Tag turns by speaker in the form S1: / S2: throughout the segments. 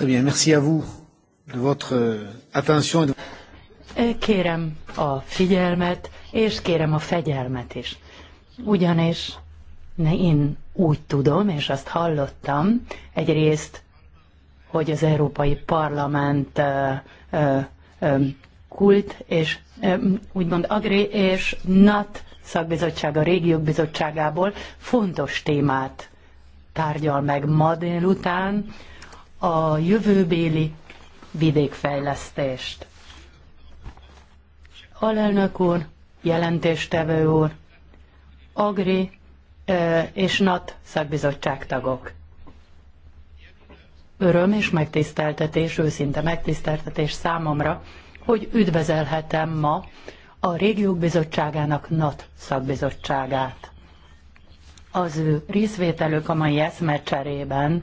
S1: Très bien, merci à vous de votre euh, attention.
S2: Kérem a figyelmet, és kérem a fegyelmet is. Ugyanis ne én úgy tudom, és azt hallottam egyrészt, hogy az Európai Parlament uh, uh, um, kult és um, úgymond agri és NAT a régiók bizottságából fontos témát tárgyal meg ma délután, a jövőbéli vidékfejlesztést. Alelnök úr, jelentéstevő úr, Agri és NAT szakbizottság tagok. Öröm és megtiszteltetés, őszinte megtiszteltetés számomra, hogy üdvezelhetem ma a Régiók Bizottságának NAT szakbizottságát. Az ő részvételük a mai eszmecserében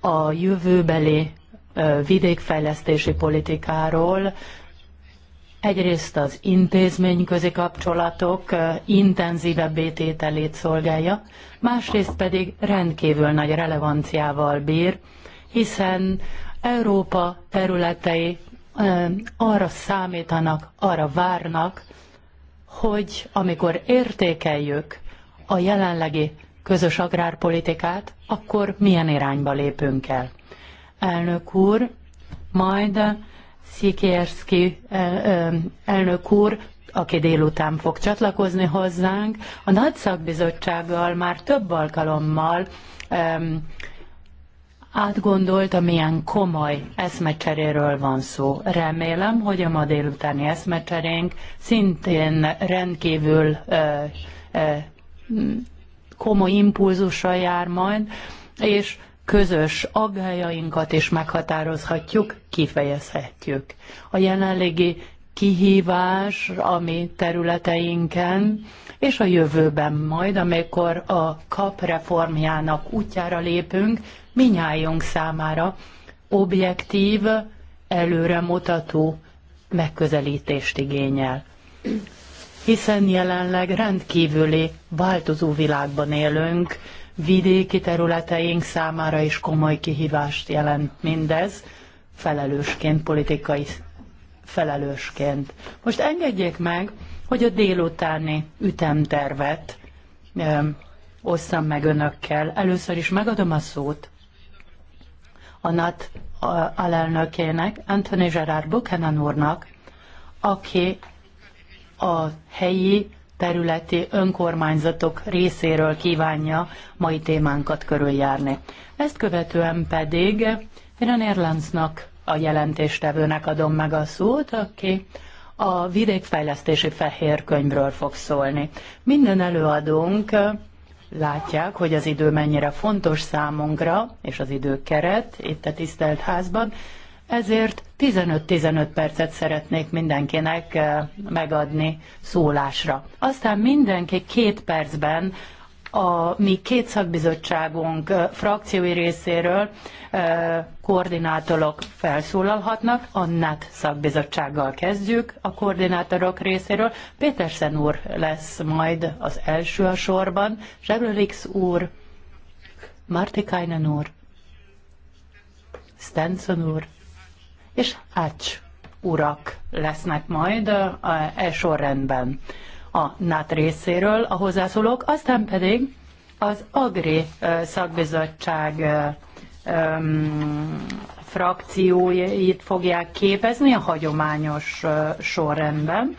S2: a jövőbeli vidékfejlesztési politikáról, egyrészt az intézményközi kapcsolatok intenzívebb bétételét szolgálja, másrészt pedig rendkívül nagy relevanciával bír, hiszen Európa területei arra számítanak, arra várnak, hogy amikor értékeljük a jelenlegi közös agrárpolitikát, akkor milyen irányba lépünk el? Elnök úr, majd Szikierszki eh, eh, elnök úr, aki délután fog csatlakozni hozzánk, a nagy szakbizottsággal már több alkalommal átgondolt, átgondolta, milyen komoly eszmecseréről van szó. Remélem, hogy a ma délutáni eszmecserénk szintén rendkívül uh, uh, komoly impulzussal jár majd, és közös aggájainkat is meghatározhatjuk, kifejezhetjük. A jelenlegi kihívás a mi területeinken, és a jövőben majd, amikor a KAP reformjának útjára lépünk, minnyájunk számára objektív, előremutató megközelítést igényel hiszen jelenleg rendkívüli változó világban élünk, vidéki területeink számára is komoly kihívást jelent mindez, felelősként, politikai felelősként. Most engedjék meg, hogy a délutáni ütemtervet ö, osszam meg önökkel. Először is megadom a szót a NAT alelnökének, Anthony Gerard Buchanan úrnak, aki a helyi területi önkormányzatok részéről kívánja mai témánkat körüljárni. Ezt követően pedig René Lancnak, a jelentéstevőnek adom meg a szót, aki a vidékfejlesztési fehér könyvről fog szólni. Minden előadónk látják, hogy az idő mennyire fontos számunkra, és az időkeret itt a tisztelt házban, ezért 15-15 percet szeretnék mindenkinek eh, megadni szólásra. Aztán mindenki két percben a mi két szakbizottságunk eh, frakciói részéről eh, koordinátorok felszólalhatnak. A NAT szakbizottsággal kezdjük a koordinátorok részéről. Péterszen úr lesz majd az első a sorban, Zsebrölix úr, Martikainen úr, Stenson úr, és ács urak lesznek majd e sorrendben a NAT részéről a hozzászólók, aztán pedig az Agri szakbizottság frakcióit fogják képezni a hagyományos sorrendben.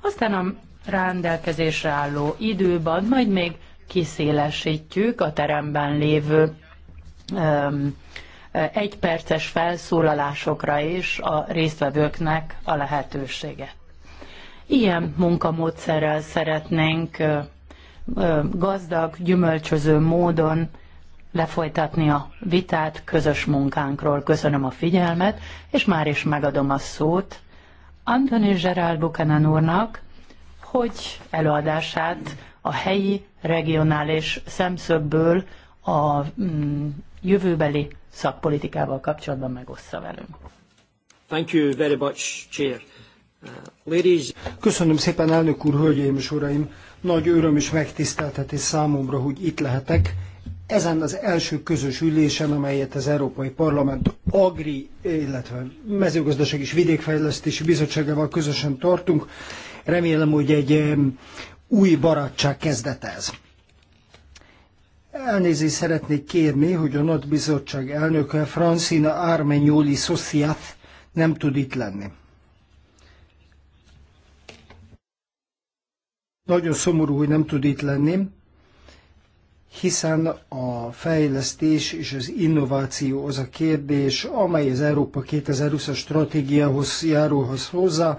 S2: Aztán a rendelkezésre álló időben majd még kiszélesítjük a teremben lévő egyperces felszólalásokra is a résztvevőknek a lehetősége. Ilyen munkamódszerrel szeretnénk gazdag, gyümölcsöző módon lefolytatni a vitát közös munkánkról. Köszönöm a figyelmet, és már is megadom a szót Antoni Gerald Buchanan úrnak, hogy előadását a helyi, regionális szemszögből a mm, jövőbeli szakpolitikával kapcsolatban megossza velünk.
S1: Thank you very much, Chair. Uh, ladies...
S2: Köszönöm szépen, elnök úr, hölgyeim és uraim!
S1: Nagy öröm és megtiszteltetés számomra, hogy itt lehetek. Ezen az első közös ülésen, amelyet az Európai Parlament Agri, illetve Mezőgazdaság és Vidékfejlesztési Bizottságával közösen tartunk, remélem, hogy egy új barátság kezdete ez. Elnézést szeretnék kérni, hogy a nagy bizottság elnöke Francina Armenyoli Szosziát nem tud itt lenni. Nagyon szomorú, hogy nem tud itt lenni, hiszen a fejlesztés és az innováció az a kérdés, amely az Európa 2020-as stratégiához járulhoz hozzá,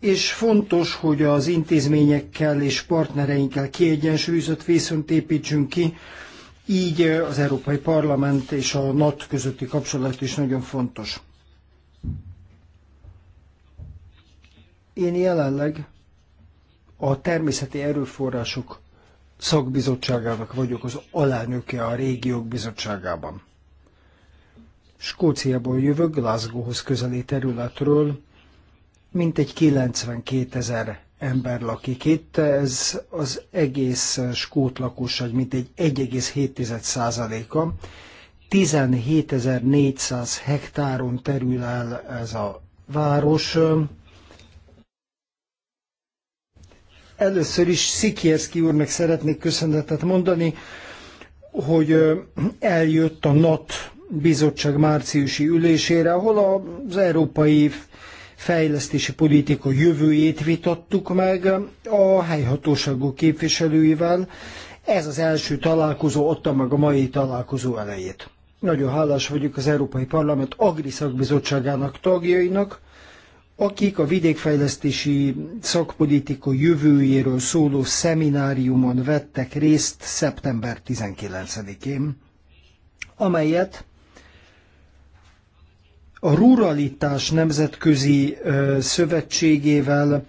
S1: és fontos, hogy az intézményekkel és partnereinkkel kiegyensúlyozott viszont építsünk ki, így az Európai Parlament és a NAT közötti kapcsolat is nagyon fontos. Én jelenleg a természeti erőforrások szakbizottságának vagyok az alelnöke a régiók bizottságában. Skóciából jövök, Glasgowhoz közeli területről, mintegy 92 ezer ember lakik itt, ez az egész skót lakosság mint egy 1,7%-a. 17.400 hektáron terül el ez a város. Először is Szikierszki úrnak szeretnék köszönetet mondani, hogy eljött a NAT bizottság márciusi ülésére, ahol az európai fejlesztési politika jövőjét vitattuk meg a helyhatóságok képviselőivel. Ez az első találkozó adta meg a mai találkozó elejét. Nagyon hálás vagyok az Európai Parlament Agri Szakbizottságának tagjainak, akik a vidékfejlesztési szakpolitika jövőjéről szóló szemináriumon vettek részt szeptember 19-én, amelyet a Ruralitás Nemzetközi Szövetségével,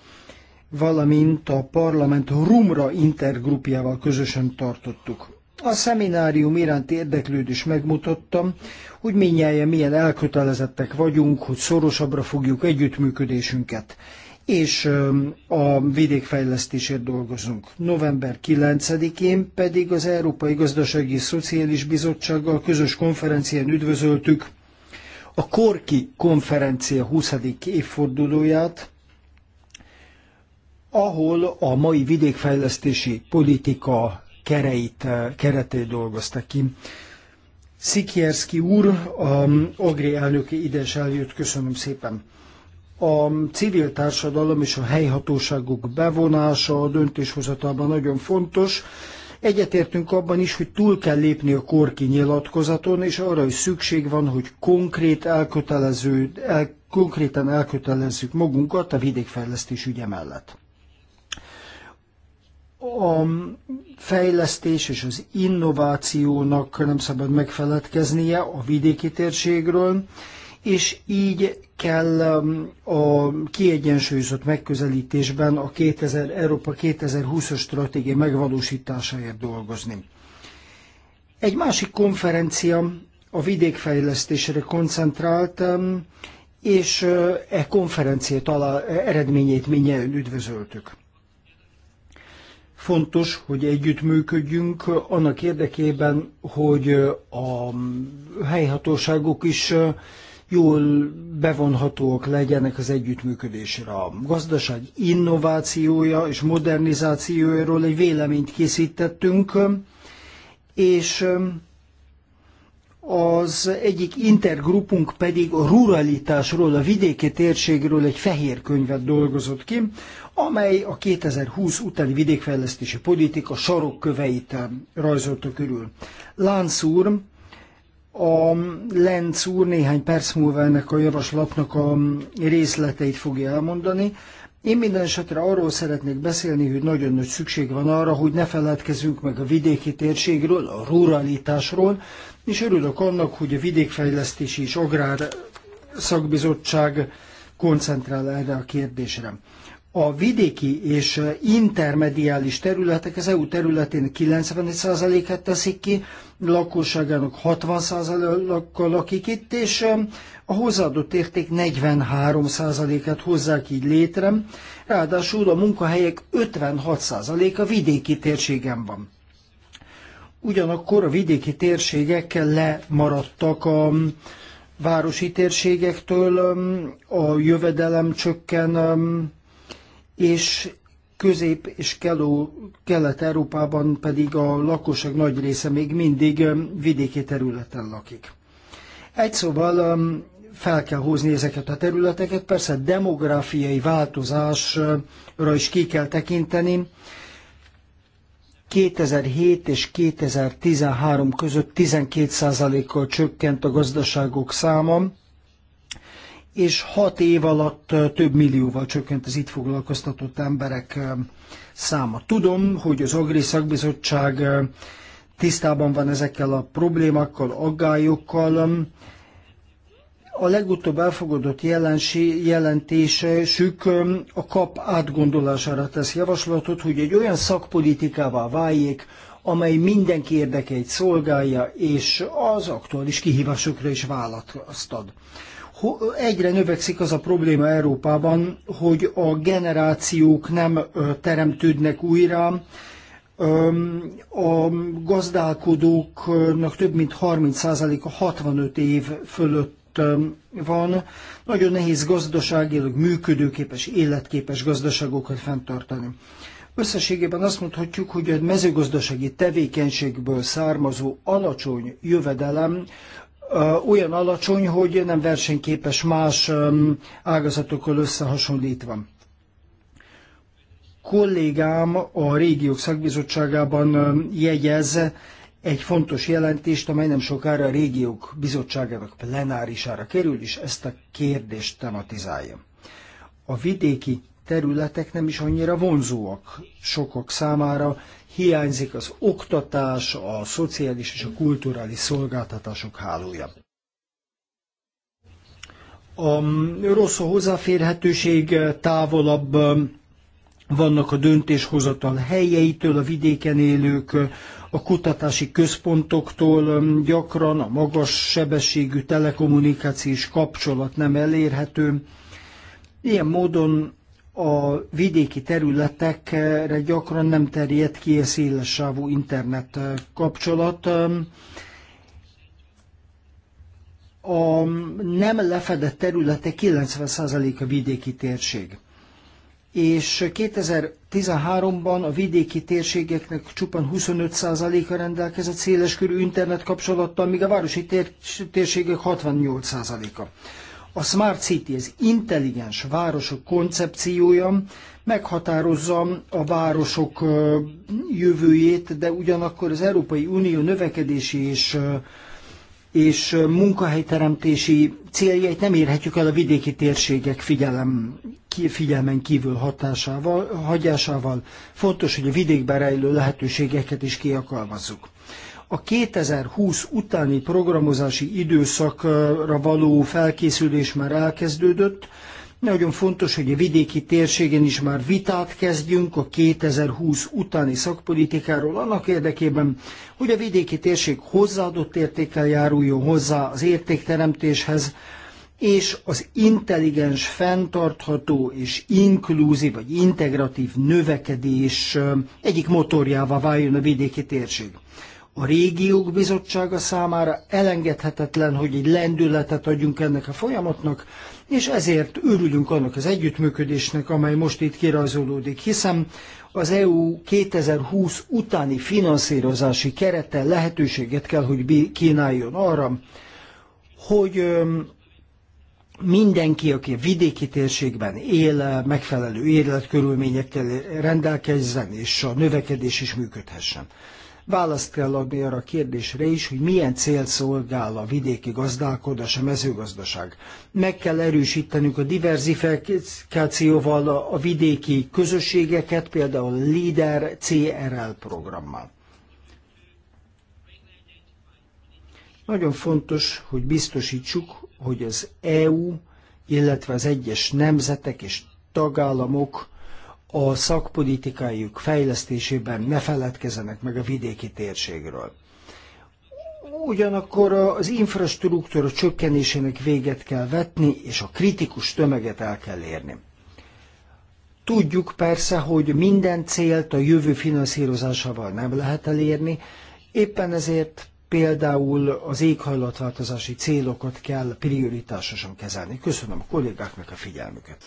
S1: valamint a parlament Rumra intergrupjával közösen tartottuk. A szeminárium iránt érdeklődés megmutattam, hogy minnyáján milyen elkötelezettek vagyunk, hogy szorosabbra fogjuk együttműködésünket, és a vidékfejlesztésért dolgozunk. November 9-én pedig az Európai Gazdasági Szociális Bizottsággal közös konferencián üdvözöltük a Korki konferencia 20. évfordulóját, ahol a mai vidékfejlesztési politika kereit, keretét dolgozta ki. Szikierszki úr, a Agri elnöki ides eljött, köszönöm szépen. A civil társadalom és a helyhatóságok bevonása a döntéshozatalban nagyon fontos, Egyetértünk abban is, hogy túl kell lépni a korki nyilatkozaton, és arra is szükség van, hogy konkrét elkötelező, el, konkrétan elkötelezzük magunkat a vidékfejlesztés ügye mellett. A fejlesztés és az innovációnak nem szabad megfeledkeznie a vidéki térségről, és így kell um, a kiegyensúlyozott megközelítésben a 2000, Európa 2020-as stratégia megvalósításáért dolgozni. Egy másik konferencia a vidékfejlesztésre koncentrált, um, és uh, e konferencia talál, e eredményét mindjárt üdvözöltük. Fontos, hogy együttműködjünk annak érdekében, hogy uh, a um, helyhatóságok is uh, jól bevonhatóak legyenek az együttműködésre. A gazdaság innovációja és modernizációjáról egy véleményt készítettünk, és um, az egyik intergrupunk pedig a ruralitásról, a vidéki térségről egy fehér könyvet dolgozott ki, amely a 2020 utáni vidékfejlesztési politika sarokköveit um, rajzolta körül. Lánc úr a Lenz úr néhány perc múlva ennek a javaslatnak a részleteit fogja elmondani. Én minden esetre arról szeretnék beszélni, hogy nagyon nagy szükség van arra, hogy ne feledkezzünk meg a vidéki térségről, a ruralitásról, és örülök annak, hogy a vidékfejlesztési és agrár szakbizottság koncentrál erre a kérdésre. A vidéki és intermediális területek az EU területén 91%-át teszik ki, lakosságának 60 a lakik itt, és um, a hozzáadott érték 43%-át hozzák így létre, ráadásul a munkahelyek 56%-a vidéki térségen van. Ugyanakkor a vidéki térségekkel lemaradtak a um, városi térségektől, um, a jövedelem csökken, és Közép- és Kelet-Európában pedig a lakosság nagy része még mindig vidéki területen lakik. Egy szóval fel kell hozni ezeket a területeket, persze demográfiai változásra is ki kell tekinteni. 2007 és 2013 között 12%-kal csökkent a gazdaságok száma, és hat év alatt több millióval csökkent az itt foglalkoztatott emberek száma. Tudom, hogy az Agri Szakbizottság tisztában van ezekkel a problémákkal, aggályokkal. A legutóbb elfogadott jelensi, jelentésük a kap átgondolására tesz javaslatot, hogy egy olyan szakpolitikává váljék, amely mindenki érdekeit szolgálja, és az aktuális kihívásokra is választ ad egyre növekszik az a probléma Európában, hogy a generációk nem teremtődnek újra, a gazdálkodóknak több mint 30%-a 65 év fölött van. Nagyon nehéz gazdaságilag működőképes, életképes gazdaságokat fenntartani. Összességében azt mondhatjuk, hogy a mezőgazdasági tevékenységből származó alacsony jövedelem olyan alacsony, hogy nem versenyképes más ágazatokkal összehasonlítva. Kollégám a régiók szakbizottságában jegyez egy fontos jelentést, amely nem sokára a régiók bizottságának plenárisára kerül, és ezt a kérdést tematizálja. A vidéki területek nem is annyira vonzóak sokak számára, hiányzik az oktatás, a szociális és a kulturális szolgáltatások hálója. A rossz a hozzáférhetőség távolabb um, vannak a döntéshozatal helyeitől, a vidéken élők, a kutatási központoktól um, gyakran a magas sebességű telekommunikációs kapcsolat nem elérhető. Ilyen módon a vidéki területekre gyakran nem terjed ki a szélessávú internet kapcsolat. A nem lefedett területe 90% a vidéki térség. És 2013-ban a vidéki térségeknek csupán 25%-a rendelkezett széleskörű internet kapcsolattal, míg a városi térségek 68%-a. A Smart City, az intelligens városok koncepciója meghatározza a városok jövőjét, de ugyanakkor az Európai Unió növekedési és és munkahelyteremtési céljait nem érhetjük el a vidéki térségek figyelem, figyelmen kívül hatásával, hagyásával. Fontos, hogy a vidékben rejlő lehetőségeket is kiakalmazzuk a 2020 utáni programozási időszakra való felkészülés már elkezdődött. Nagyon fontos, hogy a vidéki térségen is már vitát kezdjünk a 2020 utáni szakpolitikáról, annak érdekében, hogy a vidéki térség hozzáadott értékkel járuljon hozzá az értékteremtéshez, és az intelligens, fenntartható és inkluzív vagy integratív növekedés egyik motorjává váljon a vidéki térség a régiók bizottsága számára elengedhetetlen, hogy egy lendületet adjunk ennek a folyamatnak, és ezért örülünk annak az együttműködésnek, amely most itt kirajzolódik, hiszen az EU 2020 utáni finanszírozási kerete lehetőséget kell, hogy kínáljon arra, hogy mindenki, aki a vidéki térségben él, megfelelő életkörülményekkel rendelkezzen, és a növekedés is működhessen. Választ kell adni arra a kérdésre is, hogy milyen cél szolgál a vidéki gazdálkodás, a mezőgazdaság. Meg kell erősítenünk a diverzifikációval a vidéki közösségeket, például a LEADER CRL programmal. Nagyon fontos, hogy biztosítsuk, hogy az EU, illetve az egyes nemzetek és tagállamok a szakpolitikájuk fejlesztésében ne feledkezenek meg a vidéki térségről. Ugyanakkor az infrastruktúra csökkenésének véget kell vetni, és a kritikus tömeget el kell érni. Tudjuk persze, hogy minden célt a jövő finanszírozásával nem lehet elérni, éppen ezért például az éghajlatváltozási célokat kell prioritásosan kezelni. Köszönöm a kollégáknak a figyelmüket.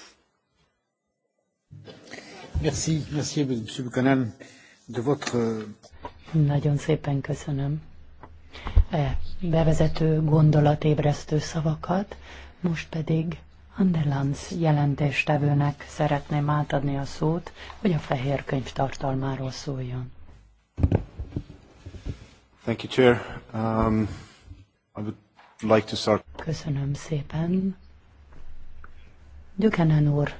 S1: Merci, merci, monsieur Buchanan, de votre... Euh,
S2: Nagyon szépen köszönöm e, bevezető gondolatébresztő szavakat, most pedig Anderlands jelentéstevőnek szeretném átadni a szót, hogy a fehér könyv tartalmáról szóljon. Thank you, Chair. Um, I would like to start... Köszönöm szépen. Dükenen úr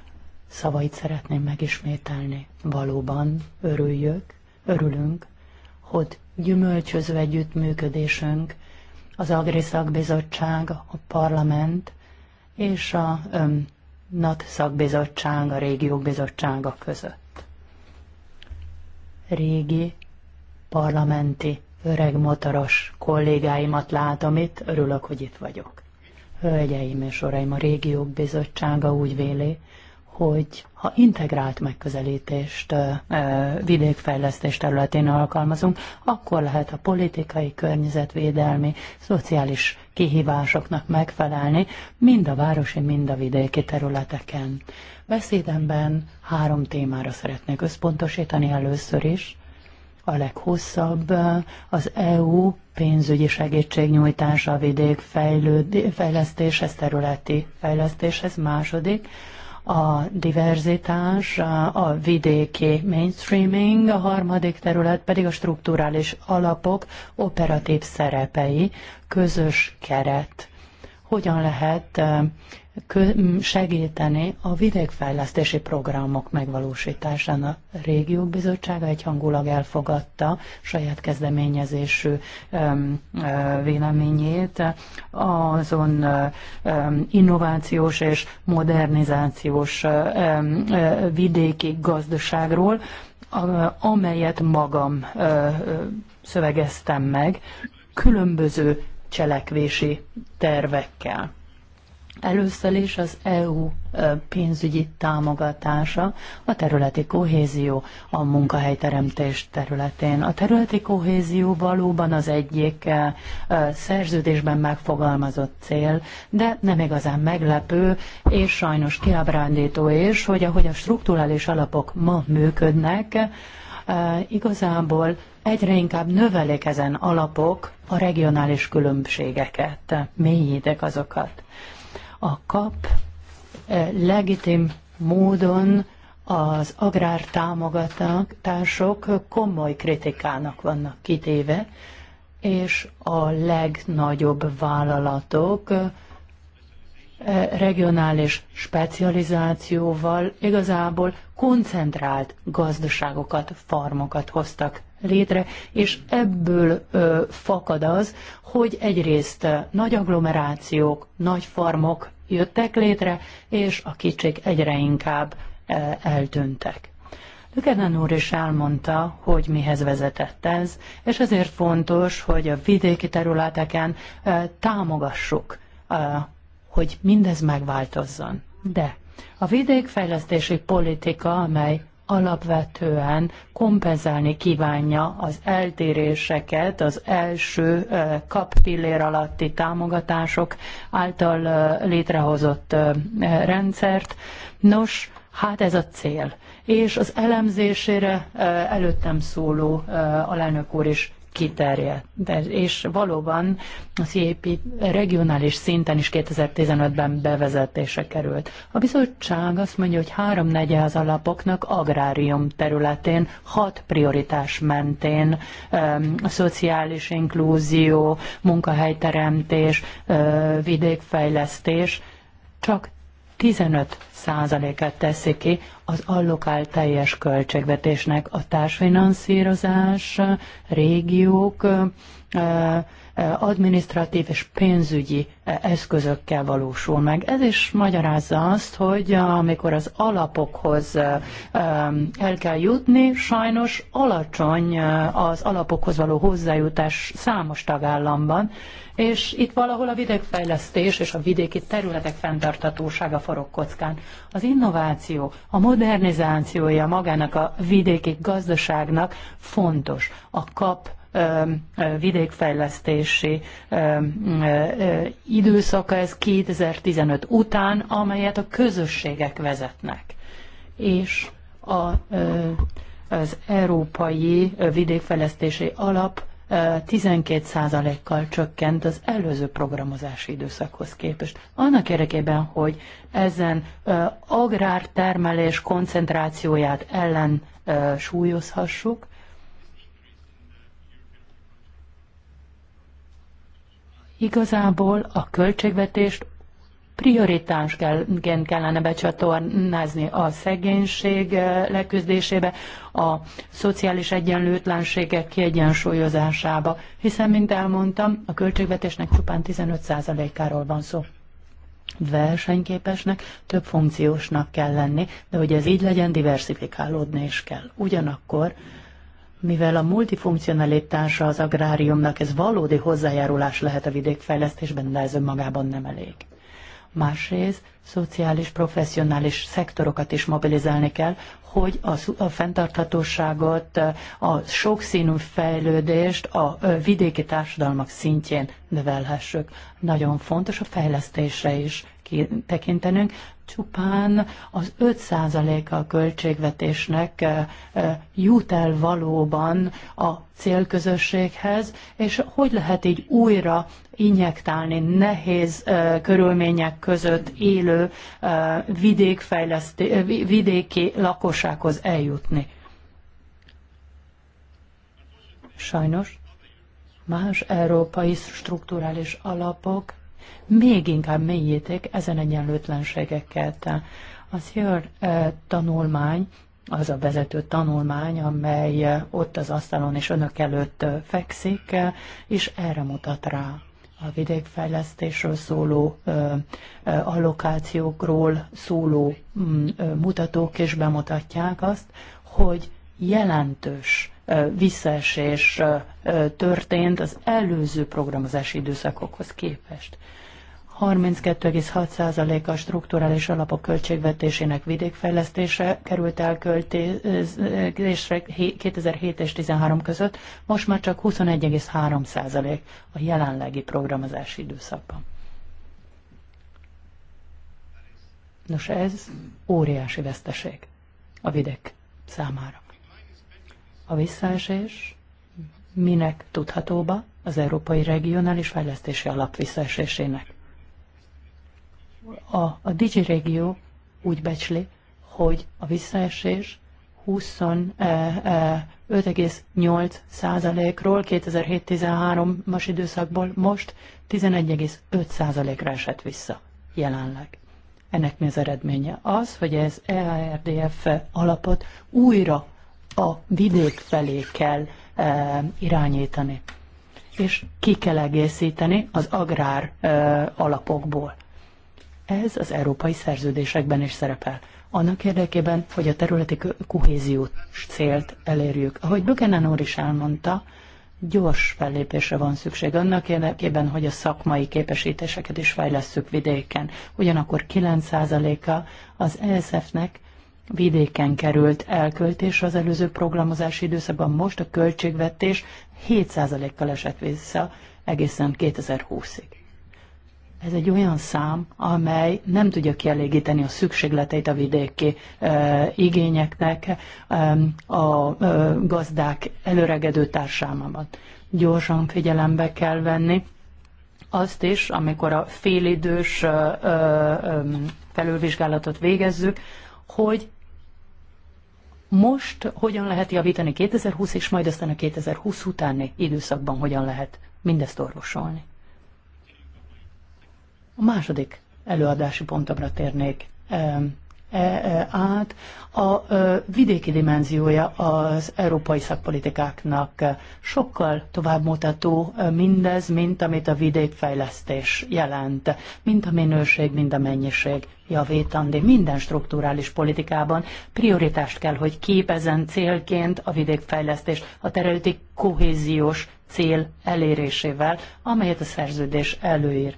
S2: szavait szeretném megismételni. Valóban örüljük, örülünk, hogy gyümölcsöző együttműködésünk az Agriszak Bizottság, a Parlament és a öm, NAT szakbizottság, a régiók bizottsága között. Régi parlamenti öreg motoros kollégáimat látom itt, örülök, hogy itt vagyok. Hölgyeim és uraim, a régiók bizottsága úgy véli, hogy ha integrált megközelítést vidékfejlesztés területén alkalmazunk, akkor lehet a politikai, környezetvédelmi, szociális kihívásoknak megfelelni mind a városi, mind a vidéki területeken. Beszédemben három témára szeretnék összpontosítani először is. A leghosszabb az EU pénzügyi segítségnyújtása a vidék fejlesztéshez, területi fejlesztéshez. Második, a diverzitás, a vidéki mainstreaming, a harmadik terület pedig a strukturális alapok operatív szerepei, közös keret hogyan lehet segíteni a vidékfejlesztési programok megvalósításán. A régiók bizottsága egyhangulag elfogadta saját kezdeményezésű véleményét azon innovációs és modernizációs vidéki gazdaságról, amelyet magam szövegeztem meg, különböző cselekvési tervekkel. Először is az EU pénzügyi támogatása a területi kohézió a munkahelyteremtés területén. A területi kohézió valóban az egyik szerződésben megfogalmazott cél, de nem igazán meglepő, és sajnos kiábrándító is, hogy ahogy a strukturális alapok ma működnek, igazából egyre inkább növelik ezen alapok a regionális különbségeket, mélyítek azokat. A kap legitim módon az agrártámogatások komoly kritikának vannak kitéve, és a legnagyobb vállalatok E, regionális specializációval igazából koncentrált gazdaságokat, farmokat hoztak létre, és ebből ö, fakad az, hogy egyrészt nagy agglomerációk, nagy farmok jöttek létre, és a kicsik egyre inkább ö, eltűntek. Lükeden úr is elmondta, hogy mihez vezetett ez, és ezért fontos, hogy a vidéki területeken ö, támogassuk hogy mindez megváltozzon. De a vidékfejlesztési politika, amely alapvetően kompenzálni kívánja az eltéréseket az első kap alatti támogatások által létrehozott rendszert. Nos, hát ez a cél. És az elemzésére előttem szóló alelnök úr is kiterjedt. És valóban a CAP regionális szinten is 2015-ben bevezetése került. A bizottság azt mondja, hogy háromnegye az alapoknak agrárium területén, hat prioritás mentén, um, szociális inklúzió, munkahelyteremtés, uh, vidékfejlesztés, csak 15%-át teszi ki az allokált teljes költségvetésnek a társfinanszírozás, régiók, administratív és pénzügyi eszközökkel valósul meg. Ez is magyarázza azt, hogy amikor az alapokhoz el kell jutni, sajnos alacsony az alapokhoz való hozzájutás számos tagállamban, és itt valahol a vidékfejlesztés és a vidéki területek fenntartatósága forog kockán. Az innováció, a modernizációja magának a vidéki gazdaságnak fontos. A kap vidékfejlesztési időszaka ez 2015 után, amelyet a közösségek vezetnek. És a, az Európai Vidékfejlesztési Alap 12%-kal csökkent az előző programozási időszakhoz képest. Annak érdekében, hogy ezen agrártermelés koncentrációját ellen súlyozhassuk, igazából a költségvetést kell, kellene becsatornázni a szegénység eh, leküzdésébe, a szociális egyenlőtlenségek kiegyensúlyozásába, hiszen, mint elmondtam, a költségvetésnek csupán 15%-áról van szó versenyképesnek, több funkciósnak kell lenni, de hogy ez így legyen, diversifikálódni is kell. Ugyanakkor, mivel a multifunkcionalitása az agráriumnak, ez valódi hozzájárulás lehet a vidékfejlesztésben, de ez önmagában nem elég másrészt szociális, professzionális szektorokat is mobilizálni kell, hogy a, a fenntarthatóságot, a sokszínű fejlődést a vidéki társadalmak szintjén növelhessük. Nagyon fontos a fejlesztésre is tekintenünk, csupán az 5%-a költségvetésnek jut el valóban a célközösséghez, és hogy lehet így újra injektálni nehéz körülmények között élő vidéki lakossághoz eljutni. Sajnos más európai strukturális alapok még inkább mélyítik ezen egyenlőtlenségeket. A SZIR eh, tanulmány az a vezető tanulmány, amely eh, ott az asztalon és önök előtt eh, fekszik, és erre mutat rá a vidékfejlesztésről szóló ö, ö, allokációkról szóló ö, mm, mutatók is bemutatják azt, hogy jelentős visszaesés történt az előző programozási időszakokhoz képest. 32,6% a strukturális alapok költségvetésének vidékfejlesztése került el költésre 2007 és 13 között, most már csak 21,3% a jelenlegi programozási időszakban. Nos, ez óriási veszteség a vidék számára. A visszaesés minek tudhatóba az Európai Regionális Fejlesztési Alap visszaesésének. A, a Digi Régió úgy becsli, hogy a visszaesés 25,8 százalékról 2007-13-as időszakból most 11,5 százalékra esett vissza jelenleg. Ennek mi az eredménye? Az, hogy ez EARDF alapot újra a vidék felé kell e, irányítani, és ki kell egészíteni az agrár e, alapokból. Ez az európai szerződésekben is szerepel. Annak érdekében, hogy a területi kohéziós célt elérjük. Ahogy Bögenen úr is elmondta, gyors fellépésre van szükség annak érdekében, hogy a szakmai képesítéseket is fejlesszük vidéken. Ugyanakkor 9%-a az ESF-nek vidéken került elköltésre az előző programozási időszakban, most a költségvetés 7%-kal esett vissza egészen 2020-ig. Ez egy olyan szám, amely nem tudja kielégíteni a szükségleteit a vidéki e, igényeknek e, a e, gazdák előregedő társámában. Gyorsan figyelembe kell venni azt is, amikor a félidős e, e, felülvizsgálatot végezzük, hogy most hogyan lehet javítani 2020, és majd aztán a 2020 utáni időszakban hogyan lehet mindezt orvosolni. A második előadási pontomra térnék. E, e, át a e, vidéki dimenziója az európai szakpolitikáknak sokkal továbbmutató mindez, mint amit a vidékfejlesztés jelent, mint a minőség, mind a mennyiség javítandé. Minden strukturális politikában prioritást kell, hogy képezen célként a vidékfejlesztés a területi kohéziós cél elérésével, amelyet a szerződés előír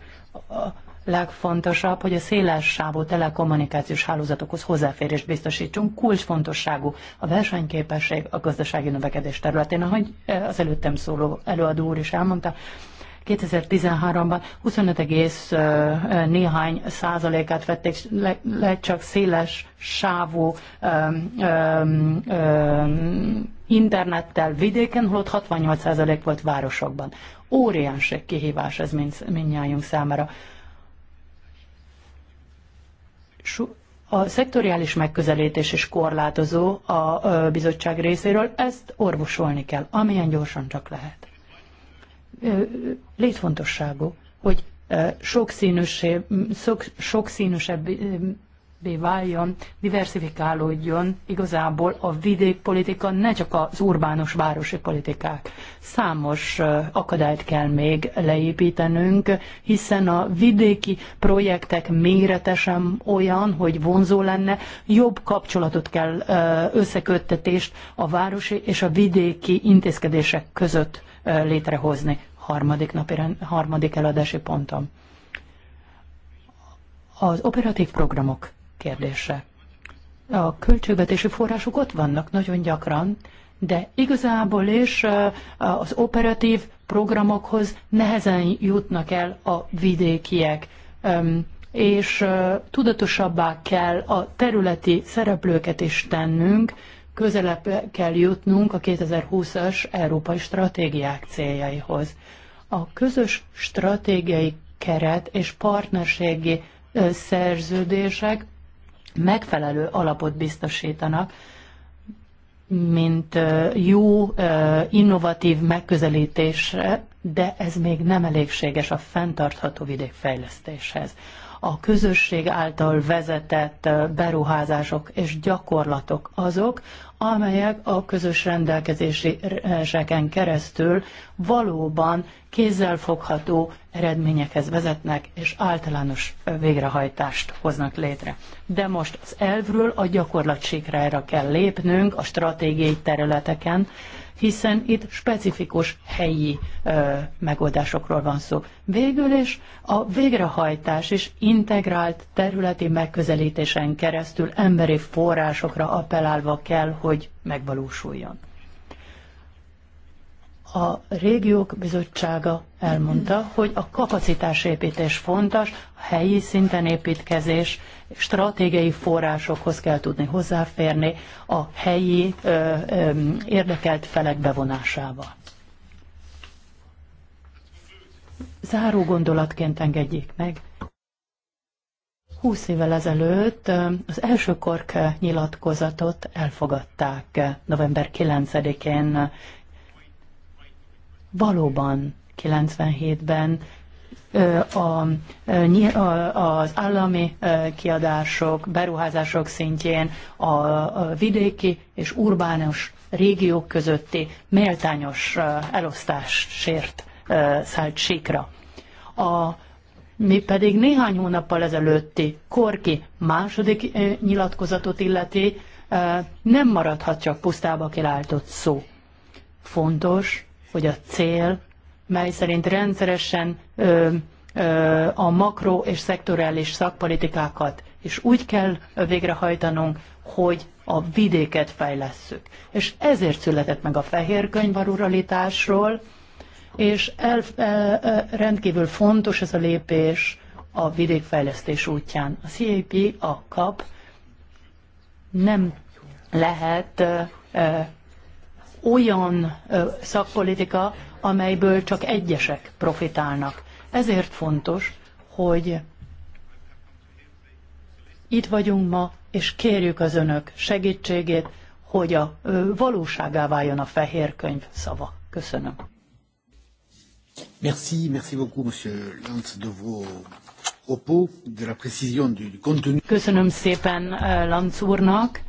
S2: legfontosabb, hogy a széles sávú telekommunikációs hálózatokhoz hozzáférést biztosítsunk. Kulcsfontosságú a versenyképesség a gazdasági növekedés területén, ahogy eh, az előttem szóló előadó úr is elmondta. 2013-ban 25, egész, eh, néhány százalékát vették le, le csak széles sávú internettel vidéken, holott 68% volt városokban. Óriási kihívás ez mindnyájunk számára a szektoriális megközelítés is korlátozó a bizottság részéről, ezt orvosolni kell, amilyen gyorsan csak lehet. Létfontosságú, hogy sokszínűsebb, sokszínűsebb váljon, diversifikálódjon igazából a vidékpolitika, ne csak az urbánus városi politikák. Számos akadályt kell még leépítenünk, hiszen a vidéki projektek mérete sem olyan, hogy vonzó lenne, jobb kapcsolatot kell összeköttetést a városi és a vidéki intézkedések között létrehozni. Harmadik, napi, harmadik eladási pontom. Az operatív programok kérdése. A költségvetési források ott vannak nagyon gyakran, de igazából is az operatív programokhoz nehezen jutnak el a vidékiek, és tudatosabbá kell a területi szereplőket is tennünk, közelebb kell jutnunk a 2020-as európai stratégiák céljaihoz. A közös stratégiai keret és partnerségi szerződések megfelelő alapot biztosítanak, mint jó, innovatív megközelítésre, de ez még nem elégséges a fenntartható vidékfejlesztéshez. A közösség által vezetett beruházások és gyakorlatok azok, amelyek a közös rendelkezéseken keresztül valóban kézzelfogható eredményekhez vezetnek, és általános végrehajtást hoznak létre. De most az elvről a gyakorlatsikrájra kell lépnünk a stratégiai területeken, hiszen itt specifikus helyi ö, megoldásokról van szó. Végül is a végrehajtás is integrált területi megközelítésen keresztül emberi forrásokra appellálva kell, hogy megvalósuljon a régiók bizottsága elmondta, hogy a kapacitásépítés fontos, a helyi szinten építkezés, stratégiai forrásokhoz kell tudni hozzáférni a helyi ö, ö, érdekelt felek bevonásával. Záró gondolatként engedjék meg. Húsz évvel ezelőtt az első kork nyilatkozatot elfogadták november 9-én valóban 97-ben a, az állami kiadások, beruházások szintjén a vidéki és urbános régiók közötti méltányos sért szállt síkra. A, mi pedig néhány hónappal ezelőtti Korki második nyilatkozatot illeti, nem maradhat csak pusztába kiláltott szó. Fontos, hogy a cél, mely szerint rendszeresen ö, ö, a makro és szektorális szakpolitikákat is úgy kell végrehajtanunk, hogy a vidéket fejlesszük. És ezért született meg a fehér könyv a ruralitásról, és el, e, e, rendkívül fontos ez a lépés a vidékfejlesztés útján. A CAP, a CAP nem lehet e, olyan szakpolitika, amelyből csak egyesek profitálnak. Ezért fontos, hogy itt vagyunk ma, és kérjük az önök segítségét, hogy a valóságá váljon a fehér könyv szava. Köszönöm.
S1: Merci, merci beaucoup, monsieur Lanz de vos propos, de la précision du contenu.
S2: Köszönöm szépen Lantz úrnak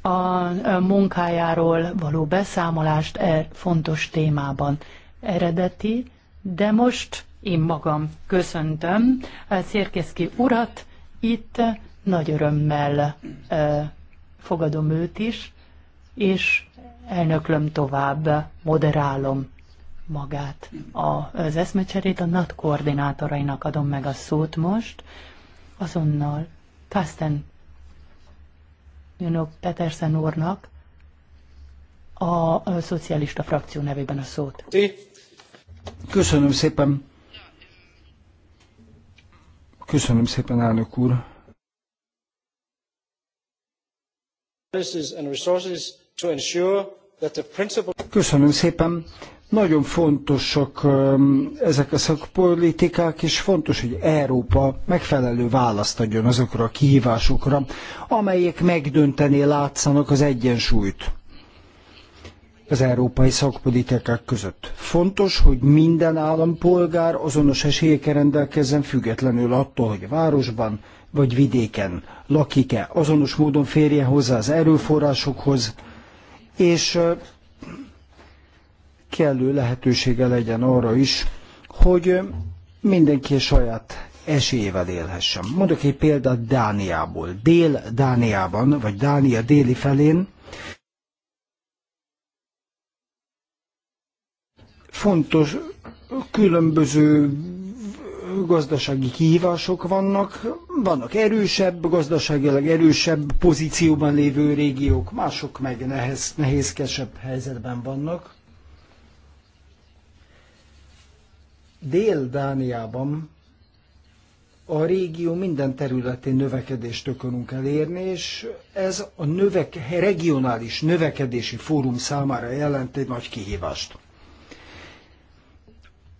S2: a munkájáról való beszámolást e fontos témában. Eredeti, de most én magam köszöntöm e, Szérkeszki urat, itt nagy örömmel e, fogadom őt is, és elnöklöm tovább, moderálom magát. Az eszmecserét a NAT koordinátorainak adom meg a szót most, azonnal Kasten Önök Petersen úrnak a, a szocialista frakció nevében a szót.
S1: Köszönöm szépen. Köszönöm szépen, elnök úr. Köszönöm szépen. Nagyon fontosak ezek a szakpolitikák, és fontos, hogy Európa megfelelő választ adjon azokra a kihívásokra, amelyek megdönteni látszanak az egyensúlyt az európai szakpolitikák között. Fontos, hogy minden állampolgár azonos esélyekkel rendelkezzen, függetlenül attól, hogy városban vagy vidéken lakik-e, azonos módon férjen hozzá az erőforrásokhoz, és kellő lehetősége legyen arra is, hogy mindenki a saját esélyével élhessen. Mondok egy példát Dániából. Dél-Dániában, vagy Dánia déli felén fontos különböző gazdasági kihívások vannak, vannak erősebb, gazdaságilag erősebb pozícióban lévő régiók, mások meg nehéz, nehézkesebb helyzetben vannak. Dél-Dániában a régió minden területén növekedést akarunk elérni, és ez a növek, regionális növekedési fórum számára jelent egy nagy kihívást.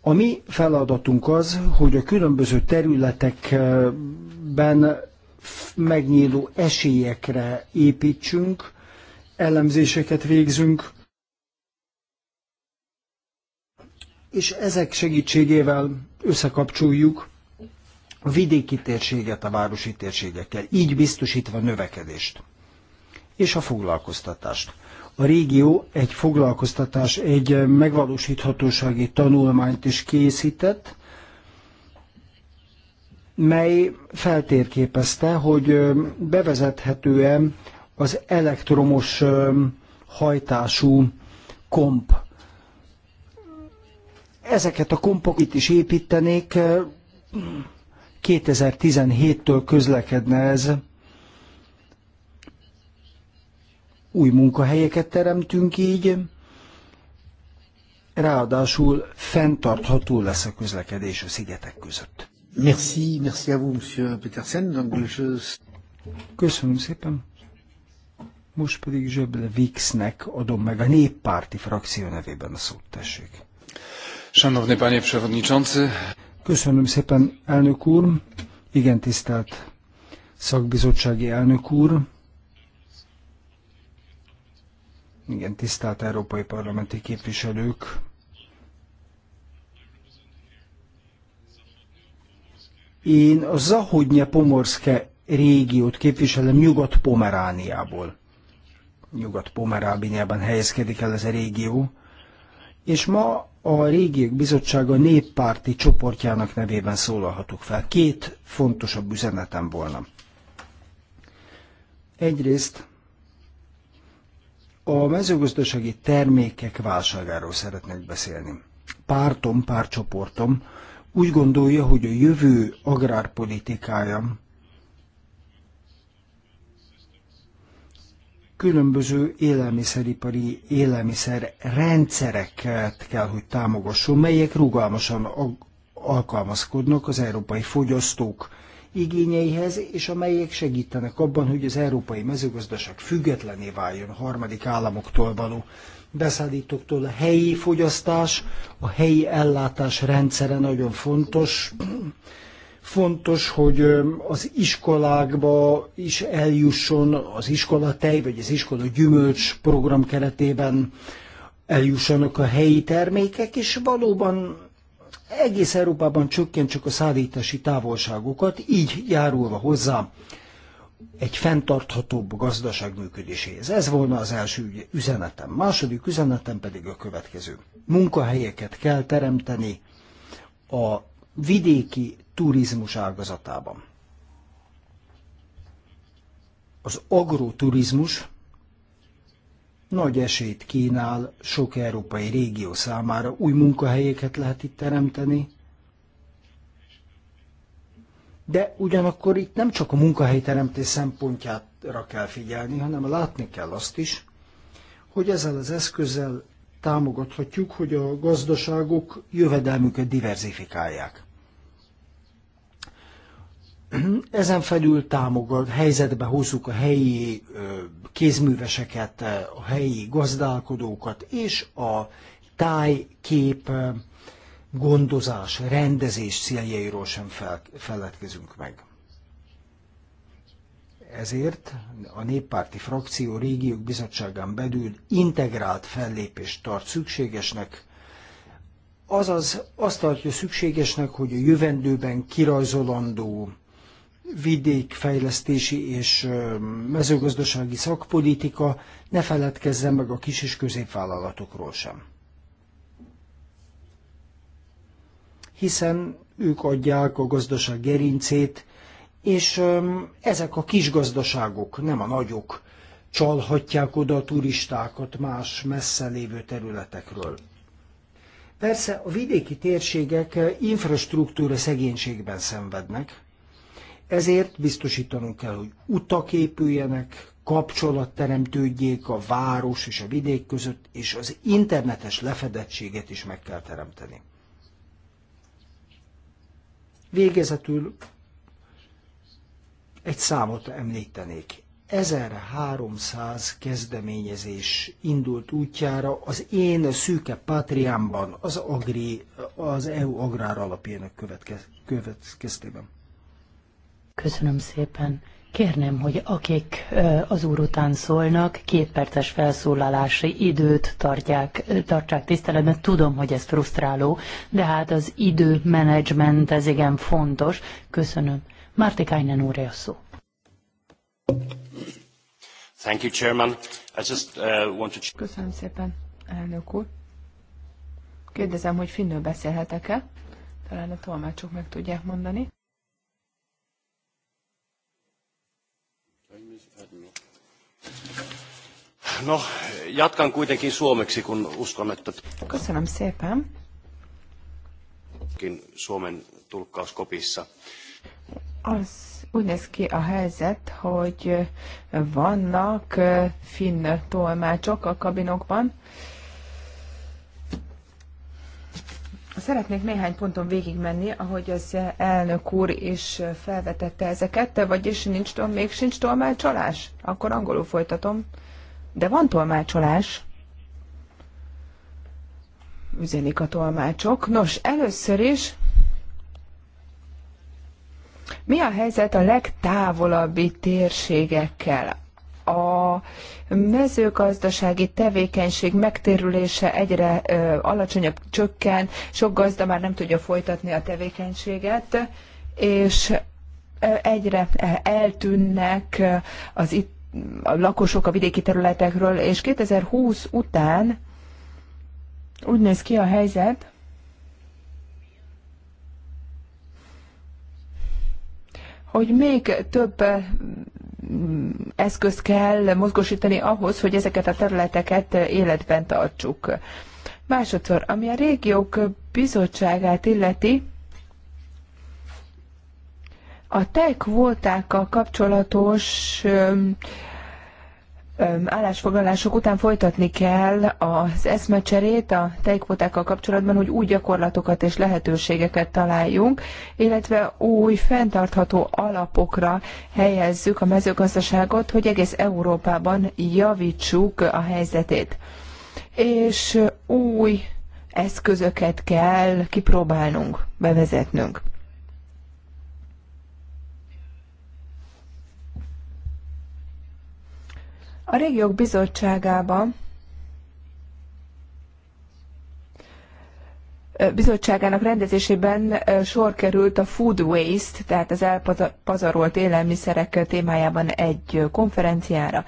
S1: A mi feladatunk az, hogy a különböző területekben megnyíló esélyekre építsünk, elemzéseket végzünk, és ezek segítségével összekapcsoljuk a vidéki térséget a városi térségekkel, így biztosítva növekedést és a foglalkoztatást. A régió egy foglalkoztatás, egy megvalósíthatósági tanulmányt is készített, mely feltérképezte, hogy bevezethető-e az elektromos hajtású komp ezeket a kompakit is építenék, 2017-től közlekedne ez. Új munkahelyeket teremtünk így, ráadásul fenntartható lesz a közlekedés a szigetek között. Merci, merci à vous, monsieur Petersen. Donc, je... Köszönöm szépen. Most pedig Zsöble Vixnek adom meg a néppárti frakció nevében a szót, tessék. Szanowny panie przewodniczący. Köszönöm szépen, elnök úr. Igen, tisztelt szakbizottsági elnök úr. Igen, tisztelt európai parlamenti képviselők. Én a Zahodnye-Pomorszke régiót képviselem Nyugat-Pomerániából. Nyugat-Pomerábiában helyezkedik el ez a régió és ma a Régiek Bizottsága néppárti csoportjának nevében szólalhatok fel. Két fontosabb üzenetem volna. Egyrészt a mezőgazdasági termékek válságáról szeretnék beszélni. Pártom, párcsoportom úgy gondolja, hogy a jövő agrárpolitikája különböző élelmiszeripari élelmiszer rendszereket kell, hogy támogasson, melyek rugalmasan alkalmazkodnak az európai fogyasztók igényeihez, és amelyek segítenek abban, hogy az európai mezőgazdaság függetlené váljon a harmadik államoktól való beszállítóktól. A helyi fogyasztás, a helyi ellátás rendszere nagyon fontos, Fontos, hogy az iskolákba is eljusson az iskola tej, vagy az iskola gyümölcs program keretében eljussanak a helyi termékek, és valóban egész Európában csak a szállítási távolságokat, így járulva hozzá egy fenntarthatóbb gazdaság működéséhez. Ez volna az első üzenetem. Második üzenetem pedig a következő. Munkahelyeket kell teremteni a vidéki turizmus ágazatában. Az agroturizmus nagy esélyt kínál sok európai régió számára, új munkahelyeket lehet itt teremteni, de ugyanakkor itt nem csak a munkahelyteremtés szempontjára kell figyelni, hanem látni kell azt is, hogy ezzel az eszközzel támogathatjuk, hogy a gazdaságok jövedelmüket diverzifikálják. Mhm. Ezen felül támogat, helyzetbe hozzuk a helyi kézműveseket, a helyi gazdálkodókat és a tájkép gondozás, rendezés céljairól sem fel, feledkezünk meg. Ezért a néppárti frakció régiók bizottságán belül integrált fellépést tart szükségesnek, azaz azt tartja szükségesnek, hogy a jövendőben kirajzolandó vidékfejlesztési és mezőgazdasági szakpolitika ne feledkezzen meg a kis és középvállalatokról sem. Hiszen ők adják a gazdaság gerincét, és ezek a kis gazdaságok, nem a nagyok, csalhatják oda a turistákat más messze lévő területekről. Persze a vidéki térségek infrastruktúra szegénységben szenvednek, ezért biztosítanunk kell, hogy utak épüljenek, kapcsolat teremtődjék a város és a vidék között, és az internetes lefedettséget is meg kell teremteni. Végezetül egy számot említenék. 1300 kezdeményezés indult útjára az én szűke pátriámban, az, Agri, az EU Agrár Alapjának következtében.
S2: Köszönöm szépen. Kérném, hogy akik az úr után szólnak, két perces felszólalási időt tartják, tartsák tiszteletben. Tudom, hogy ez frusztráló, de hát az időmenedzsment ez igen fontos. Köszönöm. Márti Kájnen úr a szó.
S3: Thank you, Chairman. I just, uh, want to... Köszönöm
S2: szépen, elnök úr.
S3: Kérdezem, hogy finnő beszélhetek-e? Talán a tolmácsok meg tudják mondani.
S4: No, jatkan kuitenkin suomeksi, kun uskon, että...
S3: Köszönöm szépen.
S4: Suomen tulkkauskopissa.
S3: Az úgy néz ki a helyzet, hogy vannak finn tolmácsok a kabinokban. Szeretnék néhány ponton végigmenni, ahogy az elnök úr is felvetette ezeket, vagyis nincs, még sincs tolmácsolás? Akkor angolul folytatom. De van tolmácsolás. Üzenik a tolmácsok. Nos, először is mi a helyzet a legtávolabbi térségekkel? A mezőgazdasági tevékenység megtérülése egyre ö, alacsonyabb csökken, sok gazda már nem tudja folytatni a tevékenységet, és egyre eltűnnek az itt a lakosok a vidéki területekről, és 2020 után úgy néz ki a helyzet, hogy még több mm, eszközt kell mozgosítani ahhoz, hogy ezeket a területeket életben tartsuk. Másodszor, ami a régiók bizottságát illeti, a kvótákkal kapcsolatos állásfoglalások után folytatni kell az eszmecserét a tejkvótákkal kapcsolatban, hogy új gyakorlatokat és lehetőségeket találjunk, illetve új fenntartható alapokra helyezzük a mezőgazdaságot, hogy egész Európában javítsuk a helyzetét. És új eszközöket kell kipróbálnunk, bevezetnünk. A régiók bizottságában bizottságának rendezésében sor került a Food Waste, tehát az elpazarolt élelmiszerek témájában egy konferenciára.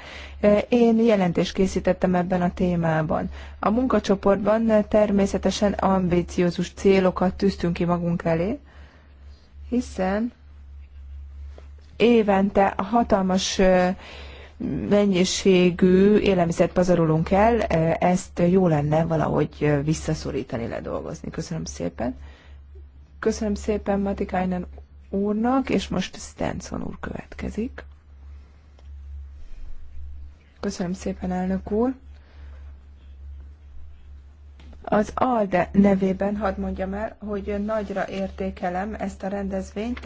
S3: Én jelentést készítettem ebben a témában. A munkacsoportban természetesen ambíciózus célokat tűztünk ki magunk elé, hiszen évente hatalmas mennyiségű élelmiszert pazarolunk el, e, ezt jó lenne valahogy visszaszorítani, ledolgozni. Köszönöm szépen. Köszönöm szépen Matikainen úrnak, és most Stenson úr következik. Köszönöm szépen, elnök úr. Az ALDE nevében hadd mondjam el, hogy nagyra értékelem ezt a rendezvényt,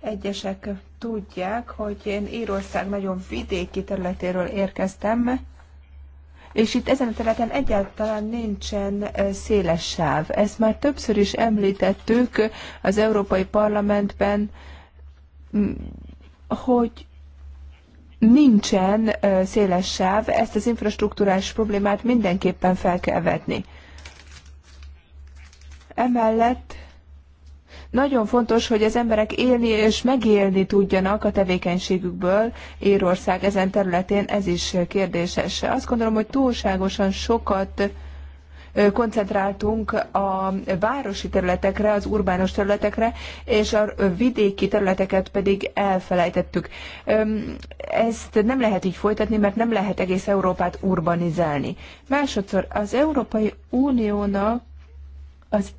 S3: Egyesek tudják, hogy én Írország nagyon vidéki területéről érkeztem, és itt ezen a területen egyáltalán nincsen széles sáv. Ezt már többször is említettük az Európai Parlamentben, hogy nincsen széles sáv, ezt az infrastruktúrás problémát mindenképpen fel kell vetni. Emellett nagyon fontos, hogy az emberek élni és megélni tudjanak a tevékenységükből Írország ezen területén, ez is kérdéses. Azt gondolom, hogy túlságosan sokat koncentráltunk a városi területekre, az urbános területekre, és a vidéki területeket pedig elfelejtettük. Ezt nem lehet így folytatni, mert nem lehet egész Európát urbanizálni. Másodszor az Európai Uniónak az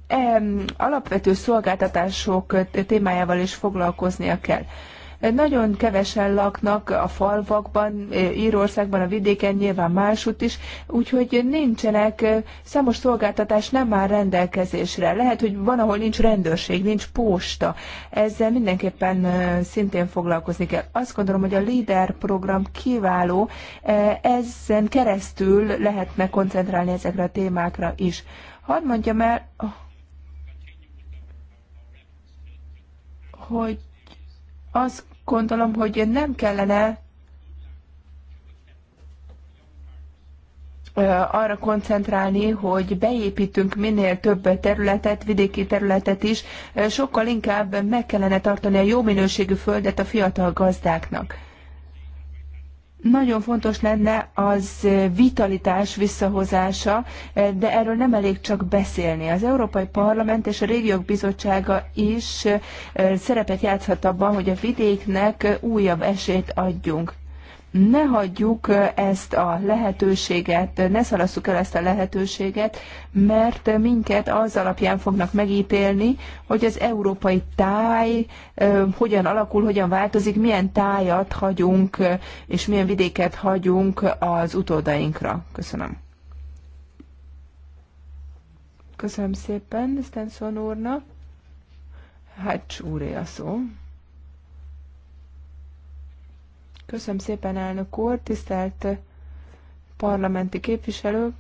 S3: alapvető szolgáltatások témájával is foglalkoznia kell. Nagyon kevesen laknak a falvakban, e, Írországban, a vidéken, nyilván másút is, úgyhogy nincsenek, e, számos szolgáltatás nem áll rendelkezésre. Lehet, hogy van, ahol nincs rendőrség, nincs posta. Ezzel mindenképpen e, szintén foglalkozni kell. Azt gondolom, hogy a LEADER program kiváló, ezen keresztül lehetne koncentrálni ezekre a témákra is. Hadd mondjam el, hogy azt gondolom, hogy nem kellene arra koncentrálni, hogy beépítünk minél több területet, vidéki területet is, sokkal inkább meg kellene tartani a jó minőségű földet a fiatal gazdáknak nagyon fontos lenne az vitalitás visszahozása, de erről nem elég csak beszélni. Az Európai Parlament és a Régiók Bizottsága is szerepet játszhat abban, hogy a vidéknek újabb esélyt adjunk ne hagyjuk ezt a lehetőséget, ne szalasszuk el ezt a lehetőséget, mert minket az alapján fognak megítélni, hogy az európai táj hogyan alakul, hogyan változik, milyen tájat hagyunk, és milyen vidéket hagyunk az utódainkra. Köszönöm. Köszönöm szépen Stenson úrnak. Hát úré a szó. Köszönöm szépen, elnök úr, tisztelt parlamenti képviselők,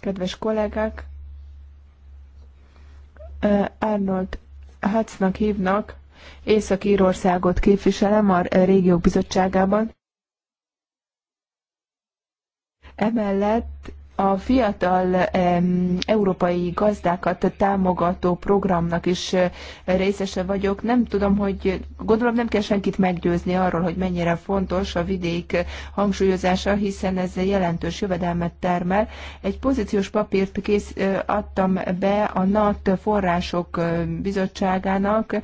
S3: kedves kollégák! Arnold Hatznak hívnak, Észak-Írországot képviselem a régiók bizottságában. Emellett a fiatal európai gazdákat támogató programnak is részese vagyok. Nem tudom, hogy gondolom nem kell senkit meggyőzni arról, hogy mennyire fontos a vidék hangsúlyozása, hiszen ez jelentős jövedelmet termel. Egy pozíciós papírt kész, adtam be a NAT források bizottságának,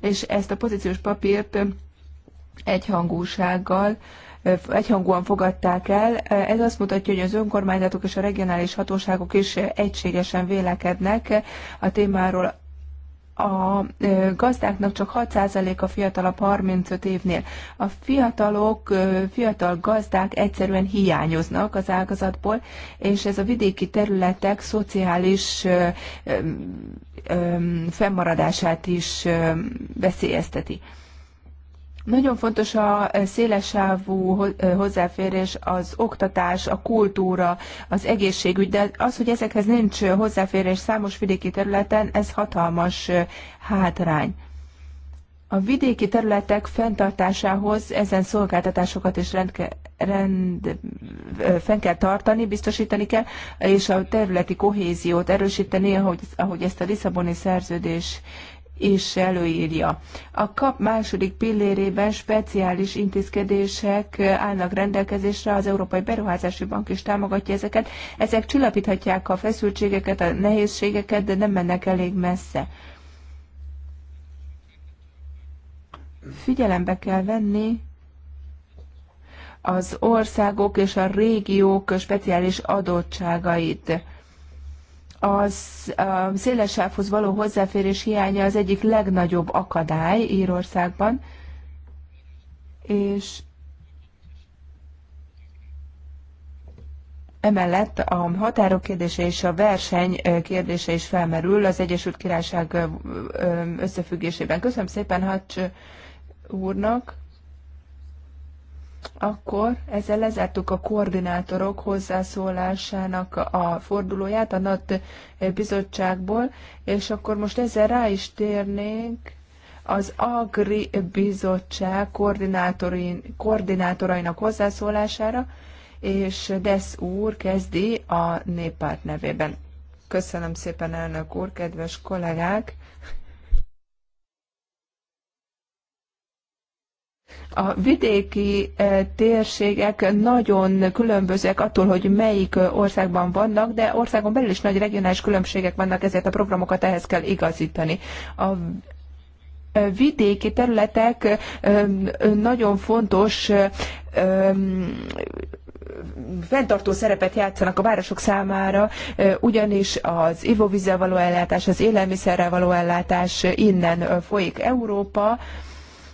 S3: és ezt a pozíciós papírt egyhangúsággal egyhangúan fogadták el. Ez azt mutatja, hogy az önkormányzatok és a regionális hatóságok is egységesen vélekednek a témáról. A gazdáknak csak 6% a fiatalabb 35 évnél. A fiatalok, fiatal gazdák egyszerűen hiányoznak az ágazatból, és ez a vidéki területek szociális fennmaradását is veszélyezteti. Nagyon fontos a szélesávú hozzáférés az oktatás, a kultúra, az egészségügy, de az, hogy ezekhez nincs hozzáférés számos vidéki területen, ez hatalmas hátrány. A vidéki területek fenntartásához ezen szolgáltatásokat is rendke, rend, fenn kell tartani, biztosítani kell, és a területi kohéziót erősíteni, ahogy, ahogy ezt a Lisszaboni szerződés is előírja. A kap második pillérében speciális intézkedések állnak rendelkezésre, az Európai Beruházási Bank is támogatja ezeket. Ezek csillapíthatják a feszültségeket, a nehézségeket, de nem mennek elég messze. Figyelembe kell venni az országok és a régiók speciális adottságait az a széles való hozzáférés hiánya az egyik legnagyobb akadály Írországban, és Emellett a határok kérdése és a verseny kérdése is felmerül az Egyesült Királyság összefüggésében. Köszönöm szépen Hacs úrnak. Akkor ezzel lezártuk a koordinátorok hozzászólásának a fordulóját a NAT bizottságból, és akkor most ezzel rá is térnénk az Agri bizottság koordinátorainak hozzászólására, és Desz úr kezdi a néppárt nevében. Köszönöm szépen, elnök úr, kedves kollégák! A vidéki e, térségek nagyon különbözőek attól, hogy melyik e, országban vannak, de országon belül is nagy regionális különbségek vannak, ezért a programokat ehhez kell igazítani. A e, vidéki területek nagyon fontos fenntartó szerepet játszanak a városok számára, ugyanis az ivóvízzel való ellátás, az élelmiszerrel való ellátás innen folyik Európa,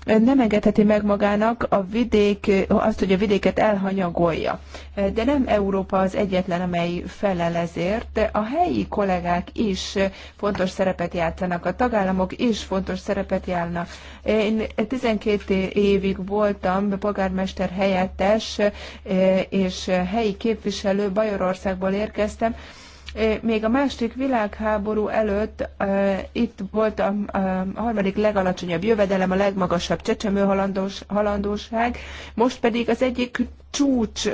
S3: nem engedheti meg magának a vidék, azt, hogy a vidéket elhanyagolja. De nem Európa az egyetlen, amely felel ezért. A helyi kollégák is fontos szerepet játszanak, a tagállamok is fontos szerepet járnak. Én 12 évig voltam polgármester helyettes és helyi képviselő, Bajorországból érkeztem, még a második világháború előtt itt volt a, a harmadik legalacsonyabb jövedelem, a legmagasabb csecsemő halandóság, most pedig az egyik csúcs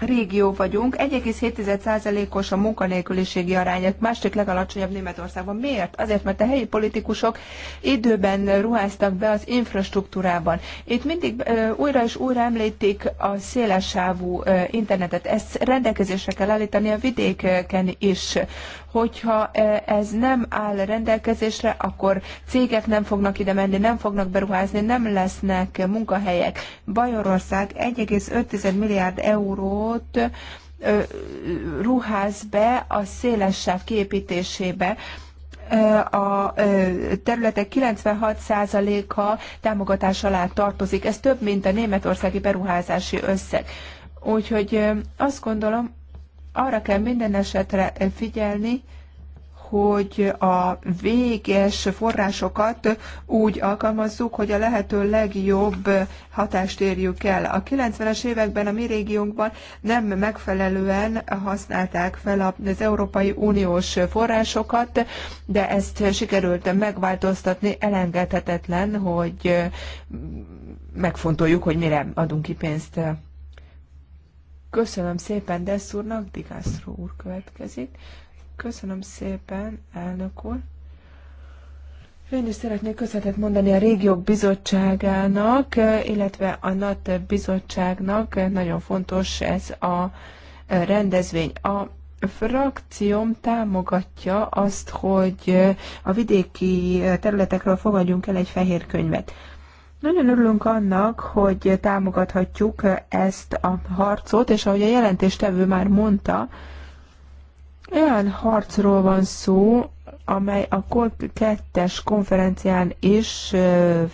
S3: régió vagyunk, 1,7%-os a munkanélküliségi arány, másik legalacsonyabb Németországban. Miért? Azért, mert a helyi politikusok időben ruháztak be az infrastruktúrában. Itt mindig ö, újra és újra említik a szélesávú ö, internetet. Ezt rendelkezésre kell állítani a vidéken is. Hogyha ez nem áll rendelkezésre, akkor cégek nem fognak ide menni, nem fognak beruházni, nem lesznek munkahelyek. Bajorország 1,5 milliárd euró anyagot ruház be a széles sáv kiépítésébe. A területek 96%-a támogatás alá tartozik. Ez több, mint a németországi beruházási összeg. Úgyhogy azt gondolom, arra kell minden esetre figyelni, hogy a véges forrásokat úgy alkalmazzuk, hogy a lehető legjobb hatást érjük el. A 90-es években a mi régiónkban nem megfelelően használták fel az Európai Uniós forrásokat, de ezt sikerült megváltoztatni. Elengedhetetlen, hogy megfontoljuk, hogy mire adunk ki pénzt. Köszönöm szépen Dessz úrnak, Digászró úr következik. Köszönöm szépen, elnök úr. Én is szeretnék köszönetet mondani a Régiók Bizottságának, illetve a NAT Bizottságnak. Nagyon fontos ez a rendezvény. A frakcióm támogatja azt, hogy a vidéki területekről fogadjunk el egy fehér könyvet. Nagyon örülünk annak, hogy támogathatjuk ezt a harcot, és ahogy a jelentéstevő már mondta, olyan harcról van szó, amely a kettes konferencián is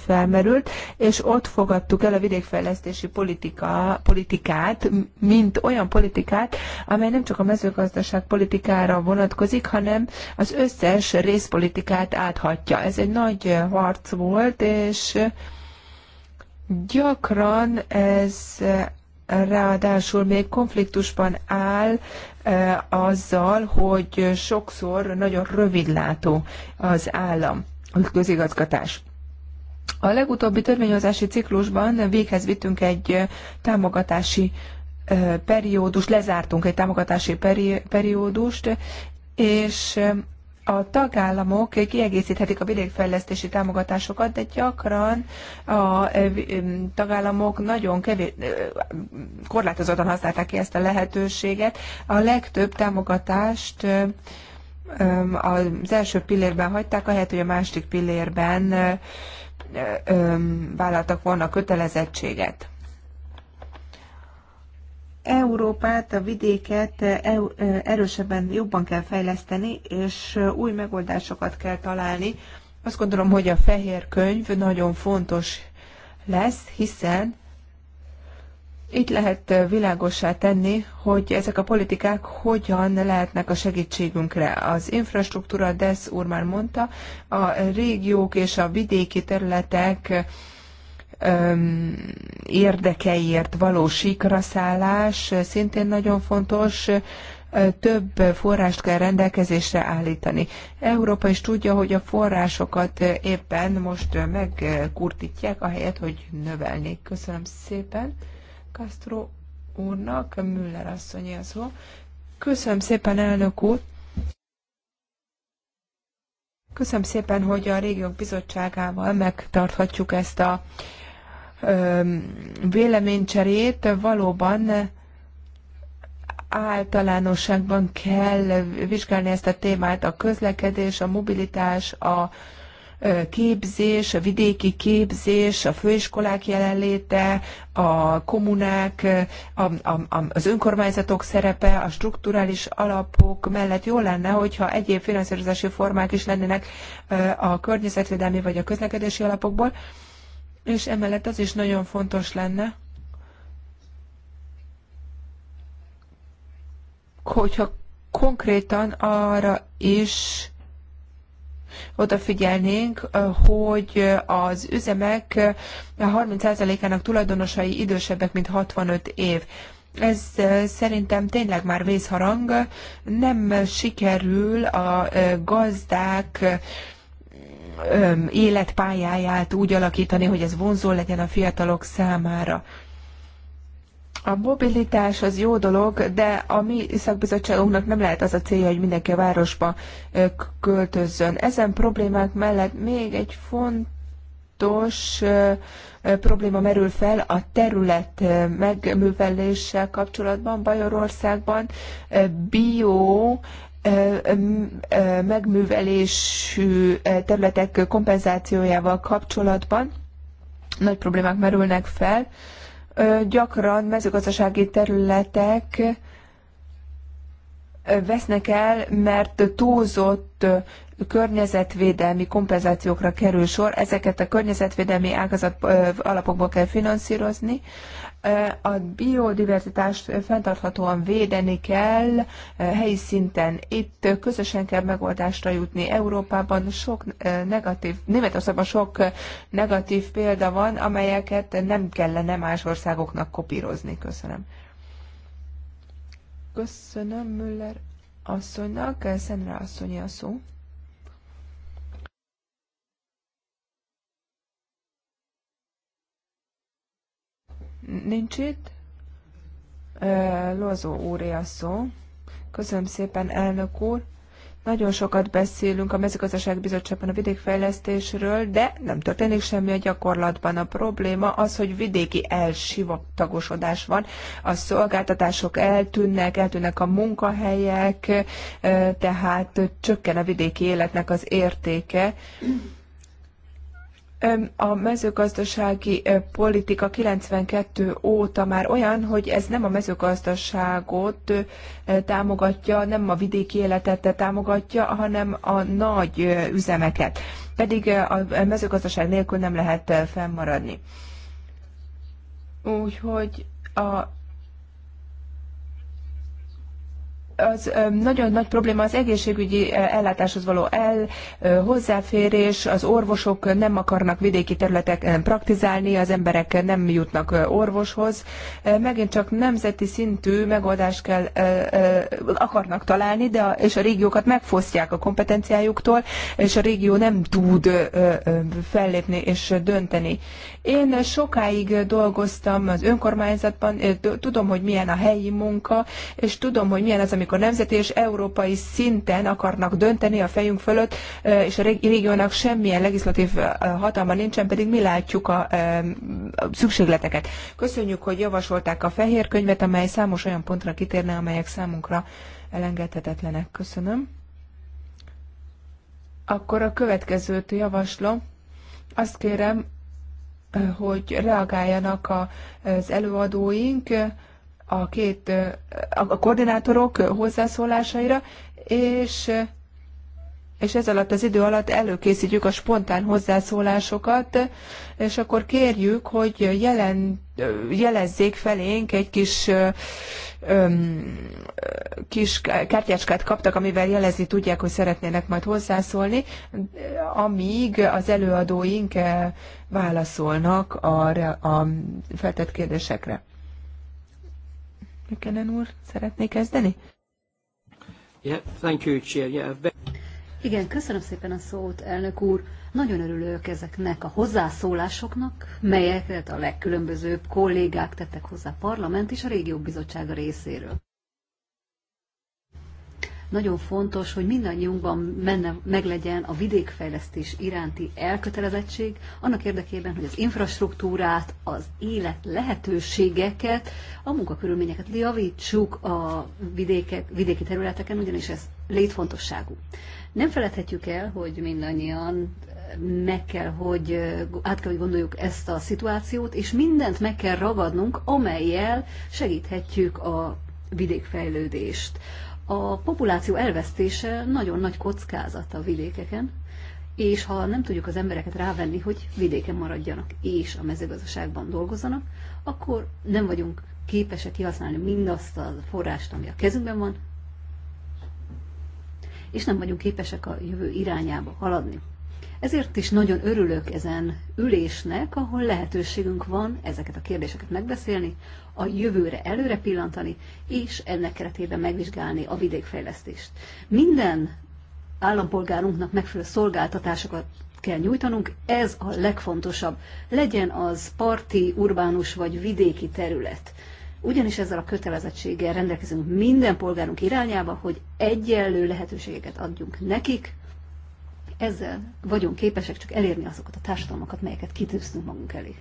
S3: felmerült, és ott fogadtuk el a vidékfejlesztési politika, politikát, mint olyan politikát, amely nem csak a mezőgazdaság politikára vonatkozik, hanem az összes részpolitikát áthatja. Ez egy nagy harc volt, és gyakran ez ráadásul még konfliktusban áll e, azzal, hogy sokszor nagyon rövidlátó az állam, a közigazgatás. A legutóbbi törvényhozási ciklusban véghez vittünk egy támogatási e, periódust, lezártunk egy támogatási peri periódust, és a tagállamok kiegészíthetik a vidékfejlesztési támogatásokat, de gyakran a tagállamok nagyon kevés, korlátozottan használták ki ezt a lehetőséget. A legtöbb támogatást az első pillérben hagyták, ahelyett, hogy a második pillérben vállaltak volna kötelezettséget. Európát, a vidéket e, e, erősebben, jobban kell fejleszteni, és e, új megoldásokat kell találni. Azt gondolom, hogy a fehér könyv nagyon fontos lesz, hiszen itt lehet világossá tenni, hogy ezek a politikák hogyan lehetnek a segítségünkre. Az infrastruktúra, Desz úr már mondta, a régiók és a vidéki területek érdekeiért való sikraszállás szintén nagyon fontos, több forrást kell rendelkezésre állítani. Európa is tudja, hogy a forrásokat éppen most megkurtítják, ahelyett, hogy növelnék. Köszönöm szépen Castro úrnak, Müller asszony a szó. Köszönöm szépen, elnök úr! Köszönöm szépen, hogy a Régiók Bizottságával megtarthatjuk ezt a véleménycserét valóban általánosságban kell vizsgálni ezt a témát, a közlekedés, a mobilitás, a képzés, a vidéki képzés, a főiskolák jelenléte, a kommunák, a, a, a, az önkormányzatok szerepe, a strukturális alapok mellett jó lenne, hogyha egyéb finanszírozási formák is lennének a környezetvédelmi vagy a közlekedési alapokból, és emellett az is nagyon fontos lenne, hogyha konkrétan arra is odafigyelnénk, hogy az üzemek 30%-ának tulajdonosai idősebbek, mint 65 év. Ez szerintem tényleg már vészharang. Nem sikerül a gazdák életpályáját úgy alakítani, hogy ez vonzó legyen a fiatalok számára. A mobilitás az jó dolog, de a mi szakbizottságunknak nem lehet az a célja, hogy mindenki a városba költözzön. Ezen problémák mellett még egy fontos probléma merül fel a terület megműveléssel kapcsolatban Bajorországban. Bio megművelésű területek kompenzációjával kapcsolatban nagy problémák merülnek fel. Gyakran mezőgazdasági területek vesznek el, mert túlzott környezetvédelmi kompenzációkra kerül sor, ezeket a környezetvédelmi ágazat alapokból kell finanszírozni a biodiverzitást fenntarthatóan védeni kell eh, helyi szinten. Itt közösen kell megoldásra jutni. Európában sok eh, negatív, Németországban sok eh, negatív példa van, amelyeket nem kellene más országoknak kopírozni. Köszönöm. Köszönöm Müller asszonynak, Szenre asszonyi a szó. Nincs itt. Lozó úré a szó. Köszönöm szépen, elnök úr. Nagyon sokat beszélünk a mezőgazdaság bizottságban a vidékfejlesztésről, de nem történik semmi a gyakorlatban. A probléma az, hogy vidéki elsivatagosodás van, a szolgáltatások eltűnnek, eltűnnek a munkahelyek, tehát csökken a vidéki életnek az értéke a mezőgazdasági politika 92 óta már olyan, hogy ez nem a mezőgazdaságot támogatja, nem a vidéki életet támogatja, hanem a nagy üzemeket. Pedig a mezőgazdaság nélkül nem lehet fennmaradni. Úgyhogy a az nagyon nagy probléma az egészségügyi ellátáshoz való el, hozzáférés, az orvosok nem akarnak vidéki területeken praktizálni, az emberek nem jutnak orvoshoz. Megint csak nemzeti szintű megoldást kell, akarnak találni, de a, és a régiókat megfosztják a kompetenciájuktól, és a régió nem tud fellépni és dönteni. Én sokáig dolgoztam az önkormányzatban, tudom, hogy milyen a helyi munka, és tudom, hogy milyen az, ami amikor nemzeti és európai szinten akarnak dönteni a fejünk fölött, és a régiónak semmilyen legislatív hatalma nincsen, pedig mi látjuk a szükségleteket. Köszönjük, hogy javasolták a fehér könyvet, amely számos olyan pontra kitérne, amelyek számunkra elengedhetetlenek. Köszönöm. Akkor a következőt javaslom. Azt kérem, hogy reagáljanak az előadóink, a két a koordinátorok hozzászólásaira, és, és ez alatt az idő alatt előkészítjük a spontán hozzászólásokat, és akkor kérjük, hogy jelen, jelezzék felénk egy kis öm, kis kártyácskát kaptak, amivel jelezni tudják, hogy szeretnének majd hozzászólni, amíg az előadóink eh, válaszolnak a, a feltett kérdésekre.
S4: Mekenen úr, szeretné kezdeni?
S1: Yeah, thank you, Chair. Yeah,
S4: igen, köszönöm szépen a szót, elnök úr. Nagyon örülök ezeknek a hozzászólásoknak, melyeket a legkülönbözőbb kollégák tettek hozzá a parlament és a régió bizottsága részéről. Nagyon fontos, hogy mindannyiunkban menne, meglegyen a vidékfejlesztés iránti elkötelezettség, annak érdekében, hogy az infrastruktúrát, az élet lehetőségeket, a munkakörülményeket javítsuk a vidékek, vidéki területeken, ugyanis ez létfontosságú. Nem feledhetjük el, hogy mindannyian meg kell, hogy át kell, hogy gondoljuk ezt a szituációt, és mindent meg kell ragadnunk, amelyel segíthetjük a vidékfejlődést a populáció elvesztése nagyon nagy kockázat a vidékeken, és ha nem tudjuk az embereket rávenni, hogy vidéken maradjanak és a mezőgazdaságban dolgozzanak, akkor nem vagyunk képesek kihasználni mindazt a forrást, ami a kezünkben van, és nem vagyunk képesek a jövő irányába haladni. Ezért is nagyon örülök ezen ülésnek, ahol lehetőségünk van ezeket a kérdéseket megbeszélni, a jövőre előre pillantani, és ennek keretében megvizsgálni a vidékfejlesztést. Minden állampolgárunknak megfelelő szolgáltatásokat kell nyújtanunk, ez a legfontosabb. Legyen az parti, urbánus vagy vidéki terület. Ugyanis ezzel a kötelezettséggel rendelkezünk minden polgárunk irányába, hogy egyenlő lehetőségeket adjunk nekik, ezzel vagyunk képesek csak elérni azokat a társadalmakat, melyeket kitűztünk magunk elé.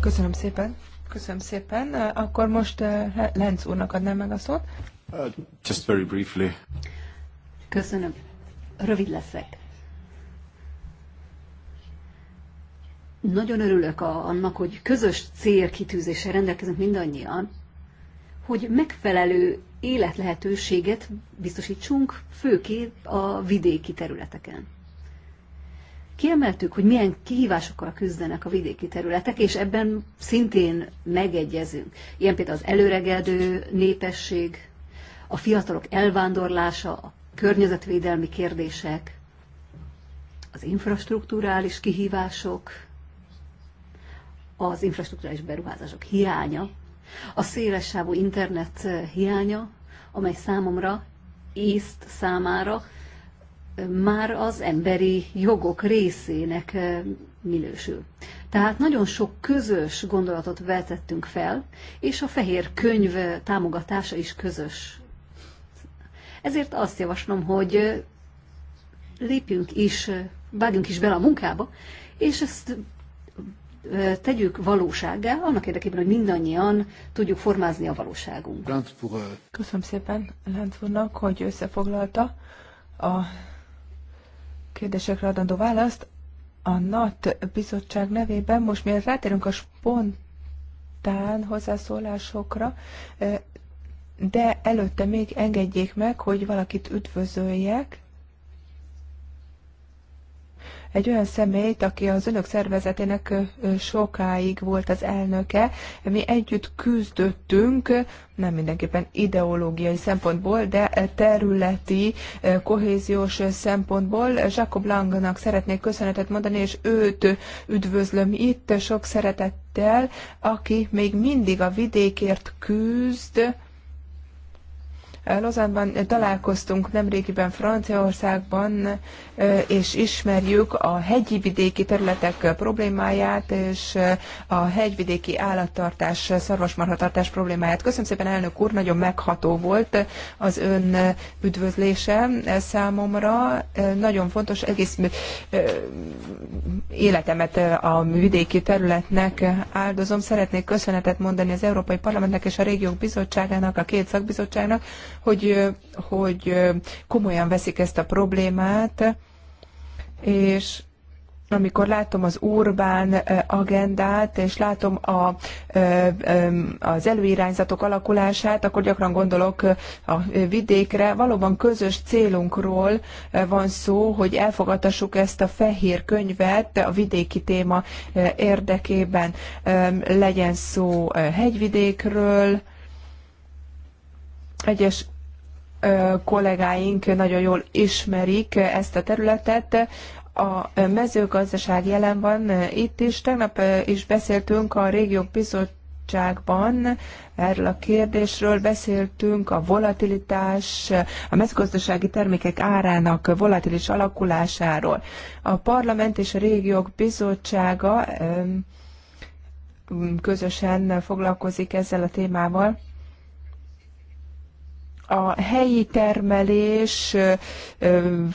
S1: Köszönöm szépen.
S4: Köszönöm szépen.
S3: Akkor most eh, Lenz úrnak adnám meg a szót. Uh,
S1: just very briefly.
S4: Köszönöm. Rövid leszek. Nagyon örülök annak, hogy közös célkitűzéssel rendelkezünk mindannyian, hogy megfelelő életlehetőséget biztosítsunk, főképp a vidéki területeken. Kiemeltük, hogy milyen kihívásokkal küzdenek a vidéki területek, és ebben szintén megegyezünk. Ilyen például az előregedő népesség, a fiatalok elvándorlása, a környezetvédelmi kérdések, az infrastruktúrális kihívások, az infrastruktúrális beruházások hiánya, a szélessávú internet eh, hiánya, amely számomra, észt számára eh, már az emberi jogok részének eh, minősül. Tehát nagyon sok közös gondolatot vetettünk fel, és a fehér könyv támogatása is közös. Ezért azt javaslom, hogy lépjünk is, vágjunk is bele a munkába, és ezt tegyük valósággá, annak érdekében, hogy mindannyian tudjuk formázni a valóságunkat. Köszönöm szépen Lántfurnak, hogy összefoglalta
S3: a kérdésekre adandó választ. A NAT bizottság nevében most miért rátérünk a spontán hozzászólásokra, de előtte még engedjék meg, hogy valakit üdvözöljek egy olyan személyt, aki az önök szervezetének sokáig volt az elnöke. Mi együtt küzdöttünk, nem mindenképpen ideológiai szempontból, de területi, kohéziós szempontból. Jacob Langnak szeretnék köszönetet mondani, és őt üdvözlöm itt sok szeretettel, aki még mindig a vidékért küzd, Lozánban találkoztunk nemrégiben Franciaországban, és ismerjük a hegyi vidéki területek problémáját, és a hegyvidéki állattartás, szarvasmarhatartás problémáját. Köszönöm szépen, elnök úr, nagyon megható volt az ön üdvözlése számomra. Nagyon fontos, egész életemet a vidéki területnek áldozom. Szeretnék köszönetet mondani az Európai Parlamentnek és a Régiók Bizottságának, a két szakbizottságnak, hogy, hogy komolyan veszik ezt a problémát, és amikor látom az urbán agendát, és látom a, az előirányzatok alakulását, akkor gyakran gondolok a vidékre. Valóban közös célunkról van szó, hogy elfogadassuk ezt a fehér könyvet a vidéki téma érdekében. Legyen szó hegyvidékről, egyes kollégáink nagyon jól ismerik ezt a területet. A mezőgazdaság jelen van itt is. Tegnap is beszéltünk a régiók bizottságban erről a kérdésről. Beszéltünk a volatilitás, a mezőgazdasági termékek árának volatilis alakulásáról. A parlament és a régiók bizottsága közösen foglalkozik ezzel a témával a helyi termelés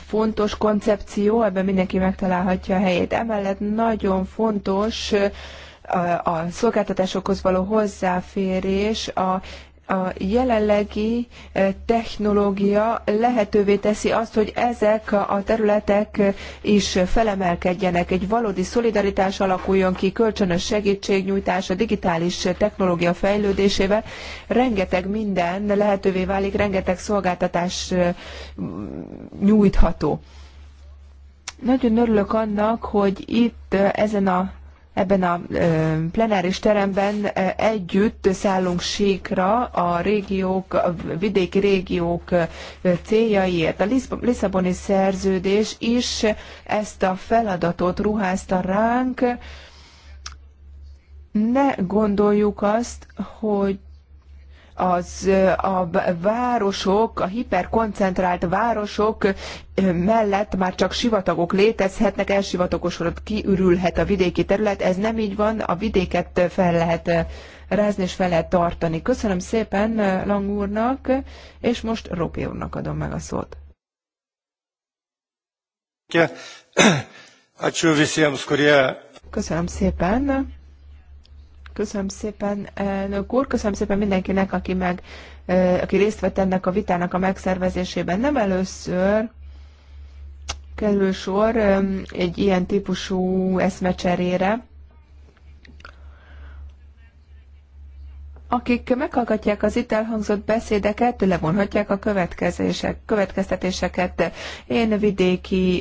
S3: fontos koncepció, ebben mindenki megtalálhatja a helyét. Emellett nagyon fontos a szolgáltatásokhoz való hozzáférés, a a jelenlegi e, technológia lehetővé teszi azt, hogy ezek a területek e, is felemelkedjenek, egy valódi szolidaritás alakuljon ki, kölcsönös segítségnyújtás a digitális technológia fejlődésével. Rengeteg minden lehetővé válik, rengeteg szolgáltatás e, nyújtható. Nagyon örülök annak, hogy itt ezen a ebben a plenáris teremben együtt szállunk síkra a régiók, a vidéki régiók céljaiért. A Lisszaboni szerződés is ezt a feladatot ruházta ránk. Ne gondoljuk azt, hogy az a városok, a hiperkoncentrált városok mellett már csak sivatagok létezhetnek, elsivatagosodott kiürülhet a vidéki terület. Ez nem így van, a vidéket fel lehet rázni és fel lehet tartani. Köszönöm szépen Lang úrnak, és most Ropi úrnak adom meg a szót.
S1: Hát,
S3: Köszönöm szépen. Köszönöm szépen, elnök úr, köszönöm szépen mindenkinek, aki, meg, aki részt vett ennek a vitának a megszervezésében. Nem először kerül sor egy ilyen típusú eszmecserére. akik meghallgatják az itt elhangzott beszédeket, levonhatják a következések, következtetéseket. Én vidéki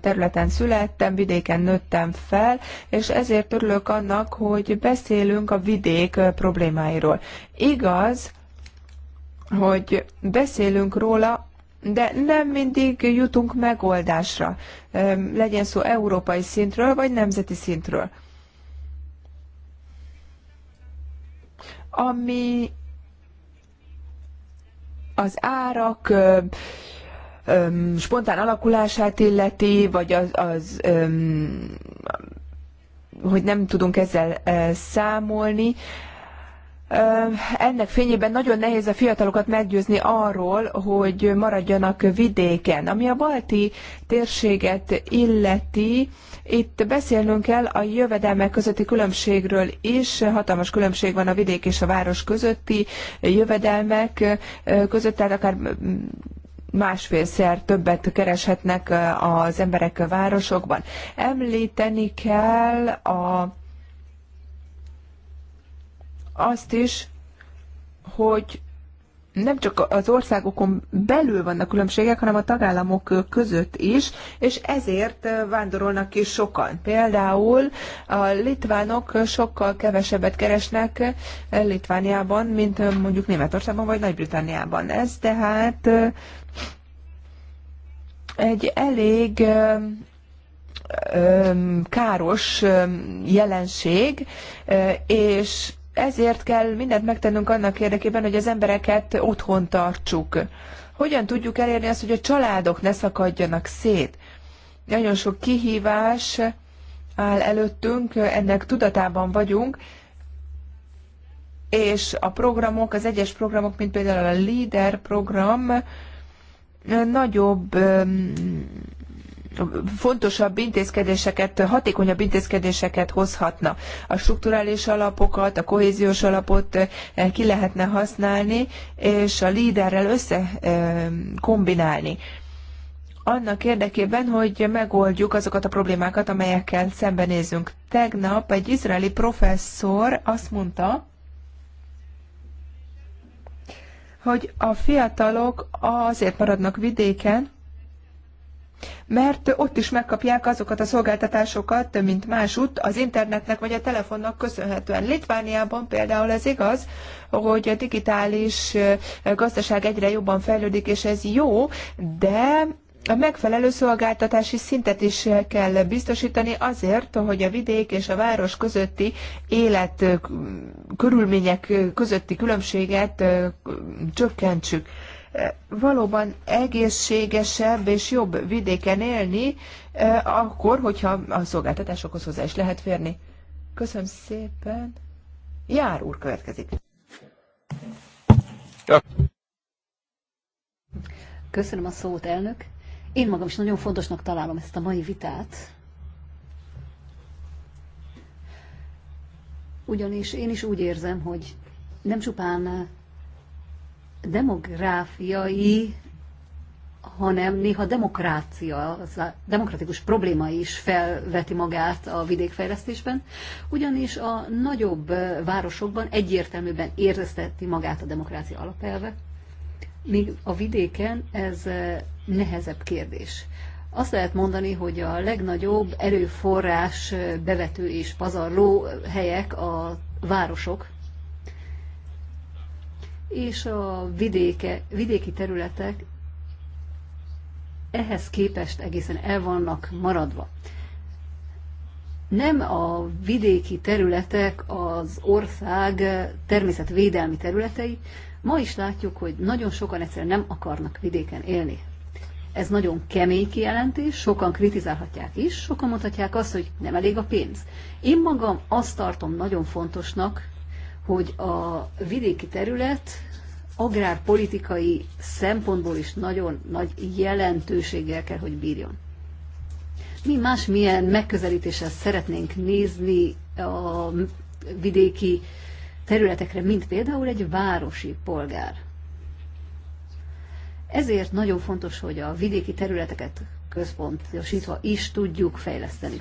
S3: területen születtem, vidéken nőttem fel, és ezért örülök annak, hogy beszélünk a vidék problémáiról. Igaz, hogy beszélünk róla, de nem mindig jutunk megoldásra, legyen szó európai szintről vagy nemzeti szintről. ami az árak spontán alakulását illeti, vagy az, az hogy nem tudunk ezzel számolni ennek fényében nagyon nehéz a fiatalokat meggyőzni arról, hogy maradjanak vidéken. Ami a balti térséget illeti, itt beszélnünk kell a jövedelmek közötti különbségről is. Hatalmas különbség van a vidék és a város közötti jövedelmek között, tehát akár másfélszer többet kereshetnek az emberek a városokban. Említeni kell a azt is, hogy nem csak az országokon belül vannak különbségek, hanem a tagállamok között is, és ezért vándorolnak ki sokan. Például a litvánok sokkal kevesebbet keresnek Litvániában, mint mondjuk Németországban vagy Nagy-Britanniában. Ez tehát egy elég káros jelenség, és ezért kell mindent megtennünk annak érdekében, hogy az embereket otthon tartsuk. Hogyan tudjuk elérni azt, hogy a családok ne szakadjanak szét? Nagyon sok kihívás áll előttünk, ennek tudatában vagyunk, és a programok, az egyes programok, mint például a LEADER program, nagyobb fontosabb intézkedéseket, hatékonyabb intézkedéseket hozhatna. A strukturális alapokat, a kohéziós alapot eh, ki lehetne használni, és a líderrel összekombinálni eh, annak érdekében, hogy megoldjuk azokat a problémákat, amelyekkel szembenézünk. Tegnap egy izraeli professzor azt mondta, hogy a fiatalok azért maradnak vidéken, mert ott is megkapják azokat a szolgáltatásokat, mint másút, az internetnek vagy a telefonnak köszönhetően. Litvániában például ez igaz, hogy a digitális gazdaság egyre jobban fejlődik, és ez jó, de a megfelelő szolgáltatási szintet is kell biztosítani azért, hogy a vidék és a város közötti élet körülmények közötti különbséget csökkentsük valóban egészségesebb és jobb vidéken élni, eh, akkor, hogyha a szolgáltatásokhoz hozzá is lehet férni. Köszönöm szépen. Jár úr következik.
S4: Köszönöm a szót, elnök. Én magam is nagyon fontosnak találom ezt a mai vitát, ugyanis én is úgy érzem, hogy nem csupán demográfiai, hanem néha demokrácia, az a demokratikus probléma is felveti magát a vidékfejlesztésben, ugyanis a nagyobb városokban egyértelműben érzeszteti magát a demokrácia alapelve, míg a vidéken ez eh, nehezebb kérdés. Azt lehet mondani, hogy a legnagyobb erőforrás eh, bevető és pazarló eh, helyek a városok, és a vidéke, vidéki területek ehhez képest egészen el vannak maradva. Nem a vidéki területek az ország természetvédelmi területei, ma is látjuk, hogy nagyon sokan egyszerűen nem akarnak vidéken élni. Ez nagyon kemény kijelentés, sokan kritizálhatják is, sokan mondhatják azt, hogy nem elég a pénz. Én magam azt tartom nagyon fontosnak, hogy a vidéki terület agrárpolitikai szempontból is nagyon nagy jelentőséggel kell, hogy bírjon. Mi más milyen megközelítéssel szeretnénk nézni a vidéki területekre, mint például egy városi polgár. Ezért nagyon fontos, hogy a vidéki területeket központosítva is tudjuk fejleszteni.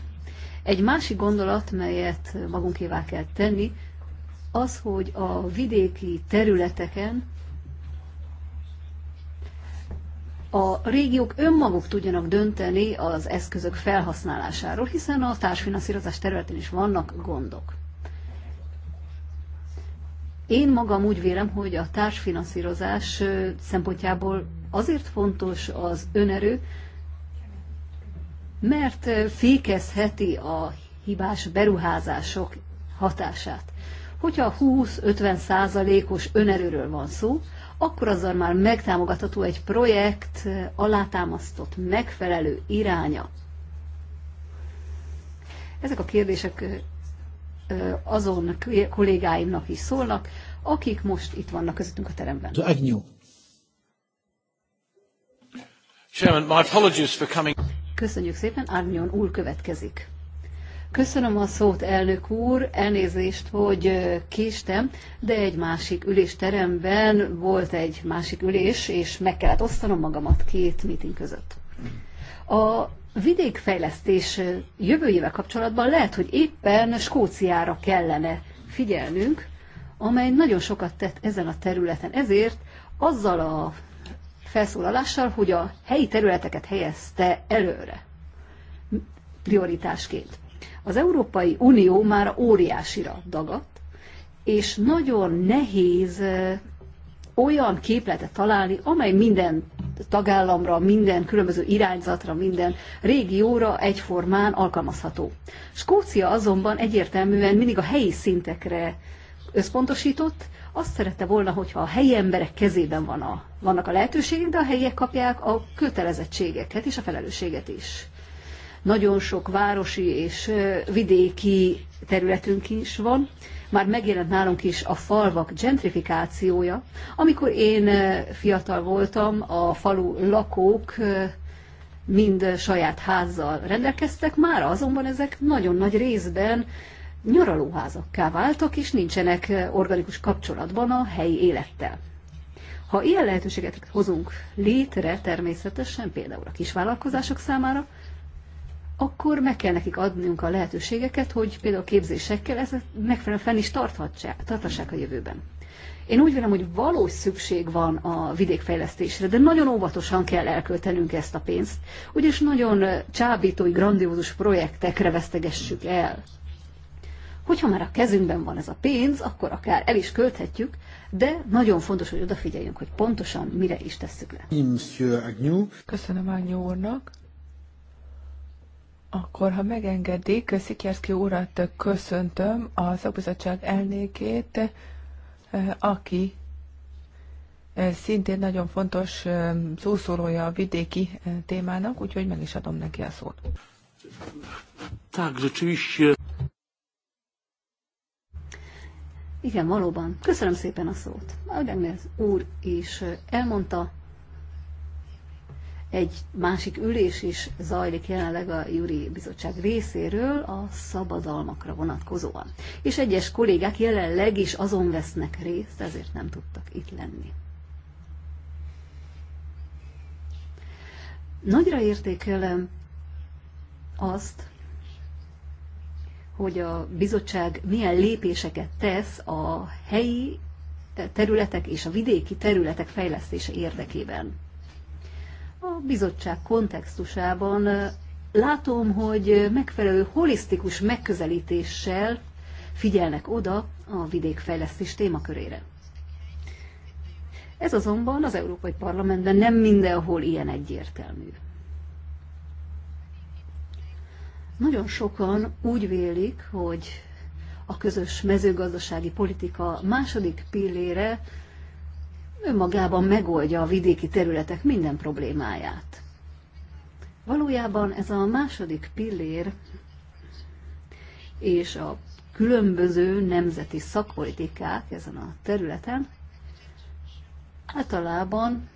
S4: Egy másik gondolat, melyet magunkévá kell tenni, az, hogy a vidéki területeken a régiók önmaguk tudjanak dönteni az eszközök felhasználásáról, hiszen a társfinanszírozás területén is vannak gondok. Én magam úgy vélem, hogy a társfinanszírozás szempontjából azért fontos az önerő, mert fékezheti a hibás beruházások hatását. Hogyha 20-50 százalékos önerőről van szó, akkor azzal már megtámogatható egy projekt alátámasztott megfelelő iránya. Ezek a kérdések azon kollégáimnak is szólnak, akik most itt vannak közöttünk a teremben. Köszönjük szépen, Árnyon úr következik. Köszönöm a szót, elnök úr, elnézést, hogy késtem, de egy másik ülésteremben volt egy másik ülés, és meg kellett osztanom magamat két meeting között. A vidékfejlesztés jövőjével kapcsolatban lehet, hogy éppen Skóciára kellene figyelnünk, amely nagyon sokat tett ezen a területen. Ezért azzal a felszólalással, hogy a helyi területeket helyezte előre prioritásként. Az Európai Unió már óriásira dagadt, és nagyon nehéz olyan képletet találni, amely minden tagállamra, minden különböző irányzatra, minden régióra egyformán alkalmazható. Skócia azonban egyértelműen mindig a helyi szintekre összpontosított, azt szerette volna, hogyha a helyi emberek kezében van a, vannak a lehetőségek, de a helyiek kapják a kötelezettségeket és a felelősséget is nagyon sok városi és vidéki területünk is van. Már megjelent nálunk is a falvak gentrifikációja. Amikor én fiatal voltam, a falu lakók mind saját házzal rendelkeztek, már azonban ezek nagyon nagy részben nyaralóházakká váltak, és nincsenek organikus kapcsolatban a helyi élettel. Ha ilyen lehetőséget hozunk létre, természetesen például a kisvállalkozások számára, akkor meg kell nekik adnunk a lehetőségeket, hogy például a képzésekkel ezt megfelelően fenn is tarthassák a jövőben. Én úgy vélem, hogy valós szükség van a vidékfejlesztésre, de nagyon óvatosan kell elköltenünk ezt a pénzt, ugyanis nagyon csábítói, grandiózus projektekre vesztegessük el. Hogyha már a kezünkben van ez a pénz, akkor akár el is költhetjük, de nagyon fontos, hogy odafigyeljünk, hogy pontosan mire is tesszük le. Köszönöm Ágnyó úrnak. Akkor, ha megengedik, Szikjerszki
S3: urat köszöntöm, a szakbizottság elnékét, eh, aki eh, szintén nagyon fontos eh, szószólója a vidéki
S4: témának, úgyhogy meg is adom neki a szót. Igen, valóban. Köszönöm szépen a szót. Adenmér úr is elmondta, egy másik ülés is zajlik jelenleg a Júri Bizottság részéről a szabadalmakra vonatkozóan. És egyes kollégák jelenleg is azon vesznek részt, ezért nem tudtak itt lenni. Nagyra értékelem azt, hogy a bizottság milyen lépéseket tesz a helyi területek és a vidéki területek fejlesztése érdekében a bizottság kontextusában látom, hogy megfelelő holisztikus megközelítéssel figyelnek oda a vidékfejlesztés témakörére. Ez azonban az Európai Parlamentben nem mindenhol ilyen egyértelmű. Nagyon sokan úgy vélik, hogy a közös mezőgazdasági politika második pillére önmagában megoldja a vidéki területek minden problémáját. Valójában ez a második pillér és a különböző nemzeti szakpolitikák ezen a területen általában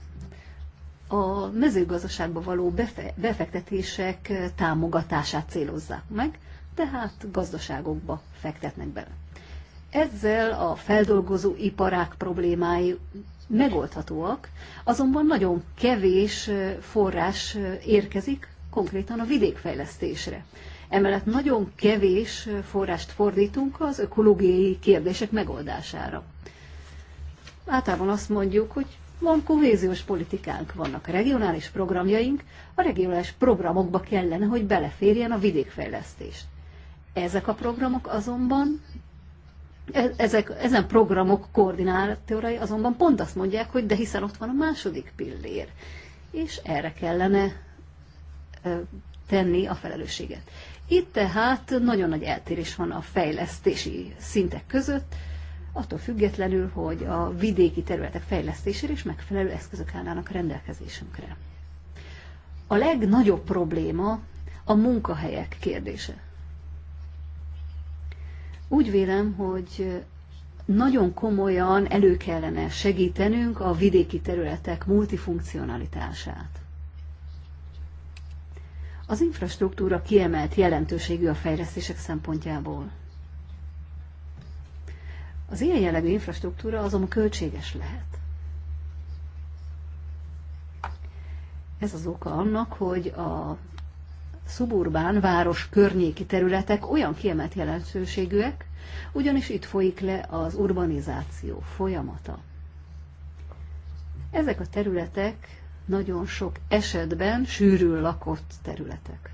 S4: a mezőgazdaságba való befektetések támogatását célozzák meg, tehát gazdaságokba fektetnek bele. Ezzel a feldolgozó iparák problémái megoldhatóak, azonban nagyon kevés forrás érkezik konkrétan a vidékfejlesztésre. Emellett nagyon kevés forrást fordítunk az ökológiai kérdések megoldására. Általában azt mondjuk, hogy van kohéziós politikánk, vannak regionális programjaink, a regionális programokba kellene, hogy beleférjen a vidékfejlesztés. Ezek a programok azonban E-, ezek, ezen programok koordinátorai azonban pont azt mondják, hogy de hiszen ott van a második pillér, és erre kellene e, tenni a felelősséget. Itt tehát nagyon nagy eltérés van a fejlesztési szintek között, attól függetlenül, hogy a vidéki területek fejlesztésére is megfelelő eszközök állnának rendelkezésünkre. A legnagyobb probléma a munkahelyek kérdése. Úgy vélem, hogy nagyon komolyan elő kellene segítenünk a vidéki területek multifunkcionalitását. Az infrastruktúra kiemelt jelentőségű a fejlesztések szempontjából. Az ilyen jellegű infrastruktúra azonban költséges lehet. Ez az oka annak, hogy a szuburbán város környéki területek olyan kiemelt jelentőségűek, ugyanis itt folyik le az urbanizáció folyamata. Ezek a területek nagyon sok esetben sűrűn lakott területek.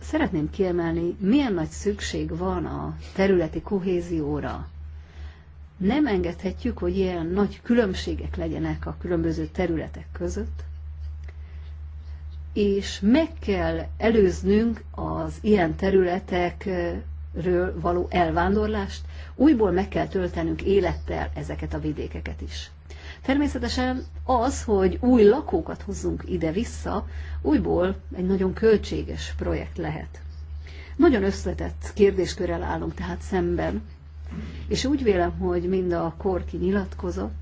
S4: Szeretném kiemelni, milyen nagy szükség van a területi kohézióra, nem engedhetjük, hogy ilyen nagy különbségek legyenek a különböző területek között, és meg kell előznünk az ilyen területekről való elvándorlást, újból meg kell töltenünk élettel ezeket a vidékeket is. Természetesen az, hogy új lakókat hozzunk ide-vissza, újból egy nagyon költséges projekt lehet. Nagyon összetett kérdéskörrel állunk tehát szemben, és úgy vélem, hogy mind a kor kinyilatkozott,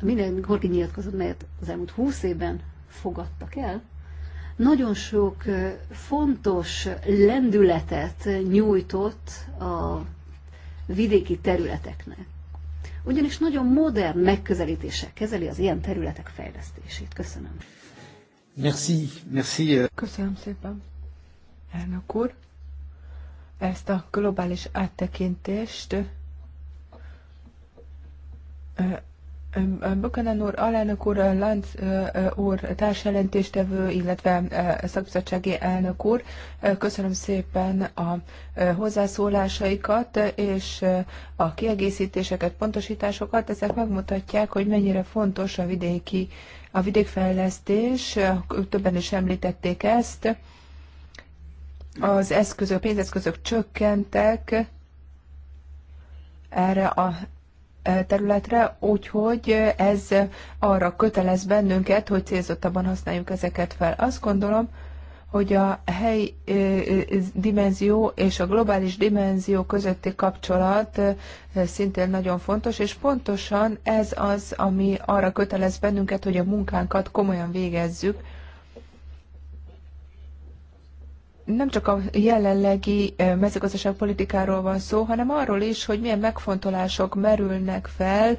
S4: minden korki nyilatkozat, melyet az elmúlt húsz évben fogadtak el, nagyon sok fontos lendületet nyújtott a vidéki területeknek. Ugyanis nagyon modern megközelítéssel kezeli az ilyen területek fejlesztését. Köszönöm.
S1: Merci, merci. Euh.
S4: Köszönöm szépen, elnök úr
S3: ezt a globális áttekintést. Bökenen úr, alelnök úr, Lanc úr, társjelentéstevő, illetve szakbizottsági elnök úr, köszönöm szépen a hozzászólásaikat és a kiegészítéseket, pontosításokat. Ezek megmutatják, hogy mennyire fontos a vidéki, a vidékfejlesztés, többen is említették ezt az eszközök, pénzeszközök csökkentek erre a e, területre, úgyhogy ez arra kötelez bennünket, hogy célzottabban használjuk ezeket fel. Azt gondolom, hogy a helyi e, e, dimenzió és a globális dimenzió közötti kapcsolat szintén nagyon fontos, és pontosan ez az, ami arra kötelez bennünket, hogy a munkánkat komolyan végezzük, nem csak a jelenlegi eh, mezőgazdaságpolitikáról van szó, hanem arról is, hogy milyen megfontolások merülnek fel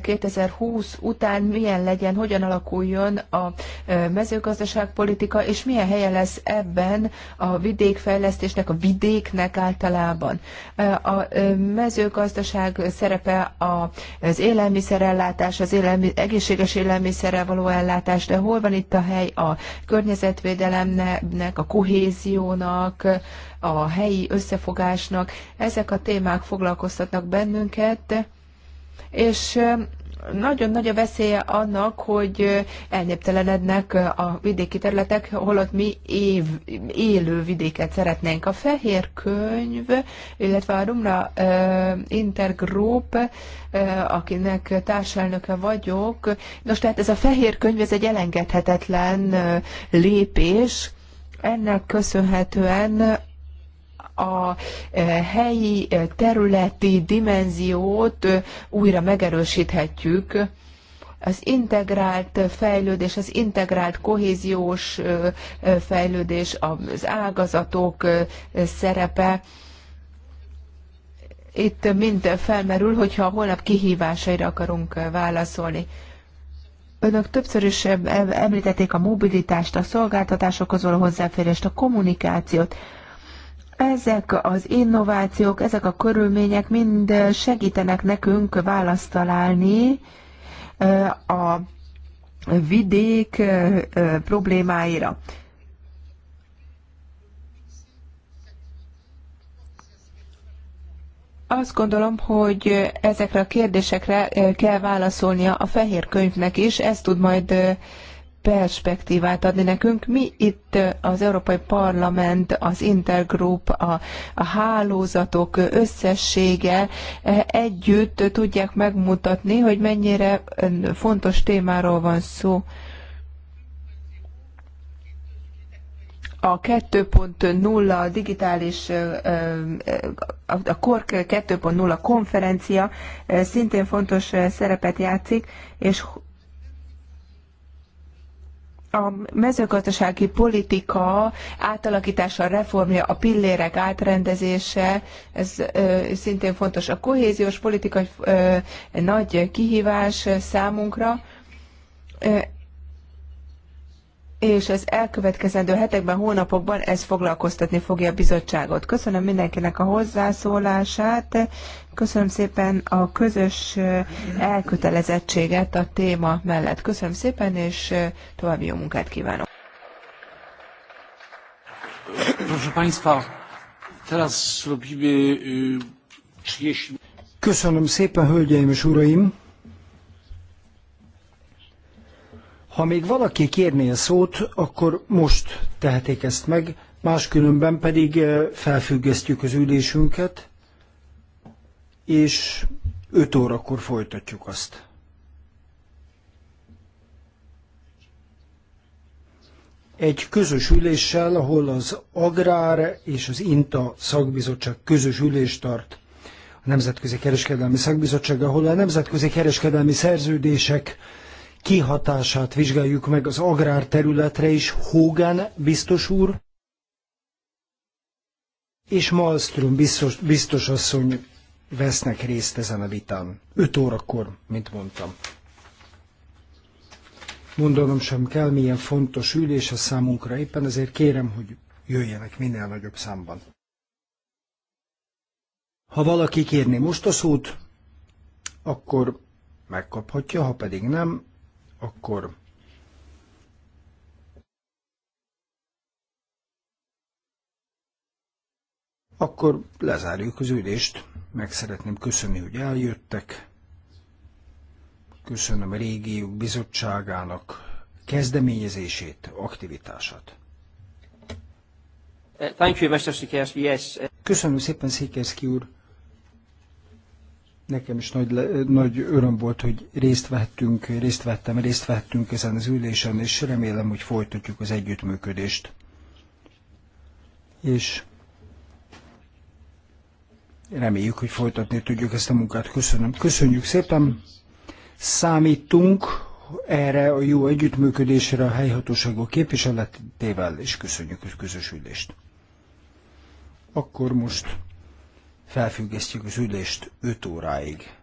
S3: 2020 eh, után, milyen legyen, hogyan alakuljon a eh, mezőgazdaságpolitika, és milyen helye lesz ebben a vidékfejlesztésnek, a vidéknek általában. A mezőgazdaság szerepe az élelmiszerellátás, az élelmi, egészséges élelmiszerrel való ellátás, de hol van itt a hely a környezetvédelemnek, a kohézió, uniónak, a helyi összefogásnak. Ezek a témák foglalkoztatnak bennünket, és nagyon nagy a veszélye annak, hogy elnéptelenednek a vidéki területek, holott mi év, élő vidéket szeretnénk. A fehér könyv, illetve a Rumra Intergroup, akinek társelnöke vagyok. Nos, tehát ez a fehér könyv, ez egy elengedhetetlen lépés, ennek köszönhetően a eh, helyi eh, területi dimenziót eh, újra megerősíthetjük. Az integrált fejlődés, az integrált kohéziós fejlődés, az ágazatok szerepe, itt mind felmerül, hogyha holnap kihívásaira akarunk válaszolni. Önök többször is említették a mobilitást, a szolgáltatásokhoz való hozzáférést, a kommunikációt. Ezek az innovációk, ezek a körülmények mind segítenek nekünk választ találni a vidék problémáira. Azt gondolom, hogy ezekre a kérdésekre eh, kell válaszolnia a fehér könyvnek is, ez tud majd eh, perspektívát adni nekünk. Mi itt eh, az Európai Parlament, az Intergroup, a, a hálózatok összessége együtt tudják megmutatni, hogy mennyire fontos témáról van szó. a 2.0 digitális, a KORK 2.0 konferencia szintén fontos szerepet játszik, és a mezőgazdasági politika átalakítása, reformja, a pillérek átrendezése, ez szintén fontos. A kohéziós politika egy nagy kihívás számunkra és az elkövetkezendő hetekben, hónapokban ez foglalkoztatni fogja a bizottságot. Köszönöm mindenkinek a hozzászólását, köszönöm szépen a közös eh, elkötelezettséget a téma mellett. Köszönöm szépen, és eh, további jó munkát kívánok.
S1: Köszönöm szépen, hölgyeim és uraim! Ha még valaki kérné a szót, akkor most tehetik ezt meg, máskülönben pedig eh, felfüggesztjük az ülésünket, és 5 órakor folytatjuk azt. Egy közös üléssel, ahol az Agrár és az INTA szakbizottság közös ülést tart a Nemzetközi Kereskedelmi Szakbizottság, ahol a nemzetközi kereskedelmi szerződések kihatását vizsgáljuk meg az agrárterületre is. Hogan biztos úr és Malmström biztos, biztos asszony vesznek részt ezen a vitán. 5 órakor, mint mondtam. Mondanom sem kell, milyen fontos ülés a számunkra éppen, ezért kérem, hogy jöjjenek minél nagyobb számban. Ha valaki kérni most a szót, akkor megkaphatja, ha pedig nem, akkor akkor lezárjuk az ülést. Meg szeretném köszönni, hogy eljöttek. Köszönöm a régiók bizottságának kezdeményezését, aktivitását.
S2: Thank you, Mr. Sikerski.
S1: Yes. Köszönöm szépen, Szikerszki úr. Nekem is nagy, nagy öröm volt, hogy részt vettünk, részt vettem, részt vettünk ezen az ülésen, és remélem, hogy folytatjuk az együttműködést. És reméljük, hogy folytatni tudjuk ezt a munkát. Köszönöm. Köszönjük szépen. Számítunk erre a jó együttműködésre a helyhatóságok képviseletével, és köszönjük a közös ülést. Akkor most Felfüggesztjük az ülést 5 óráig.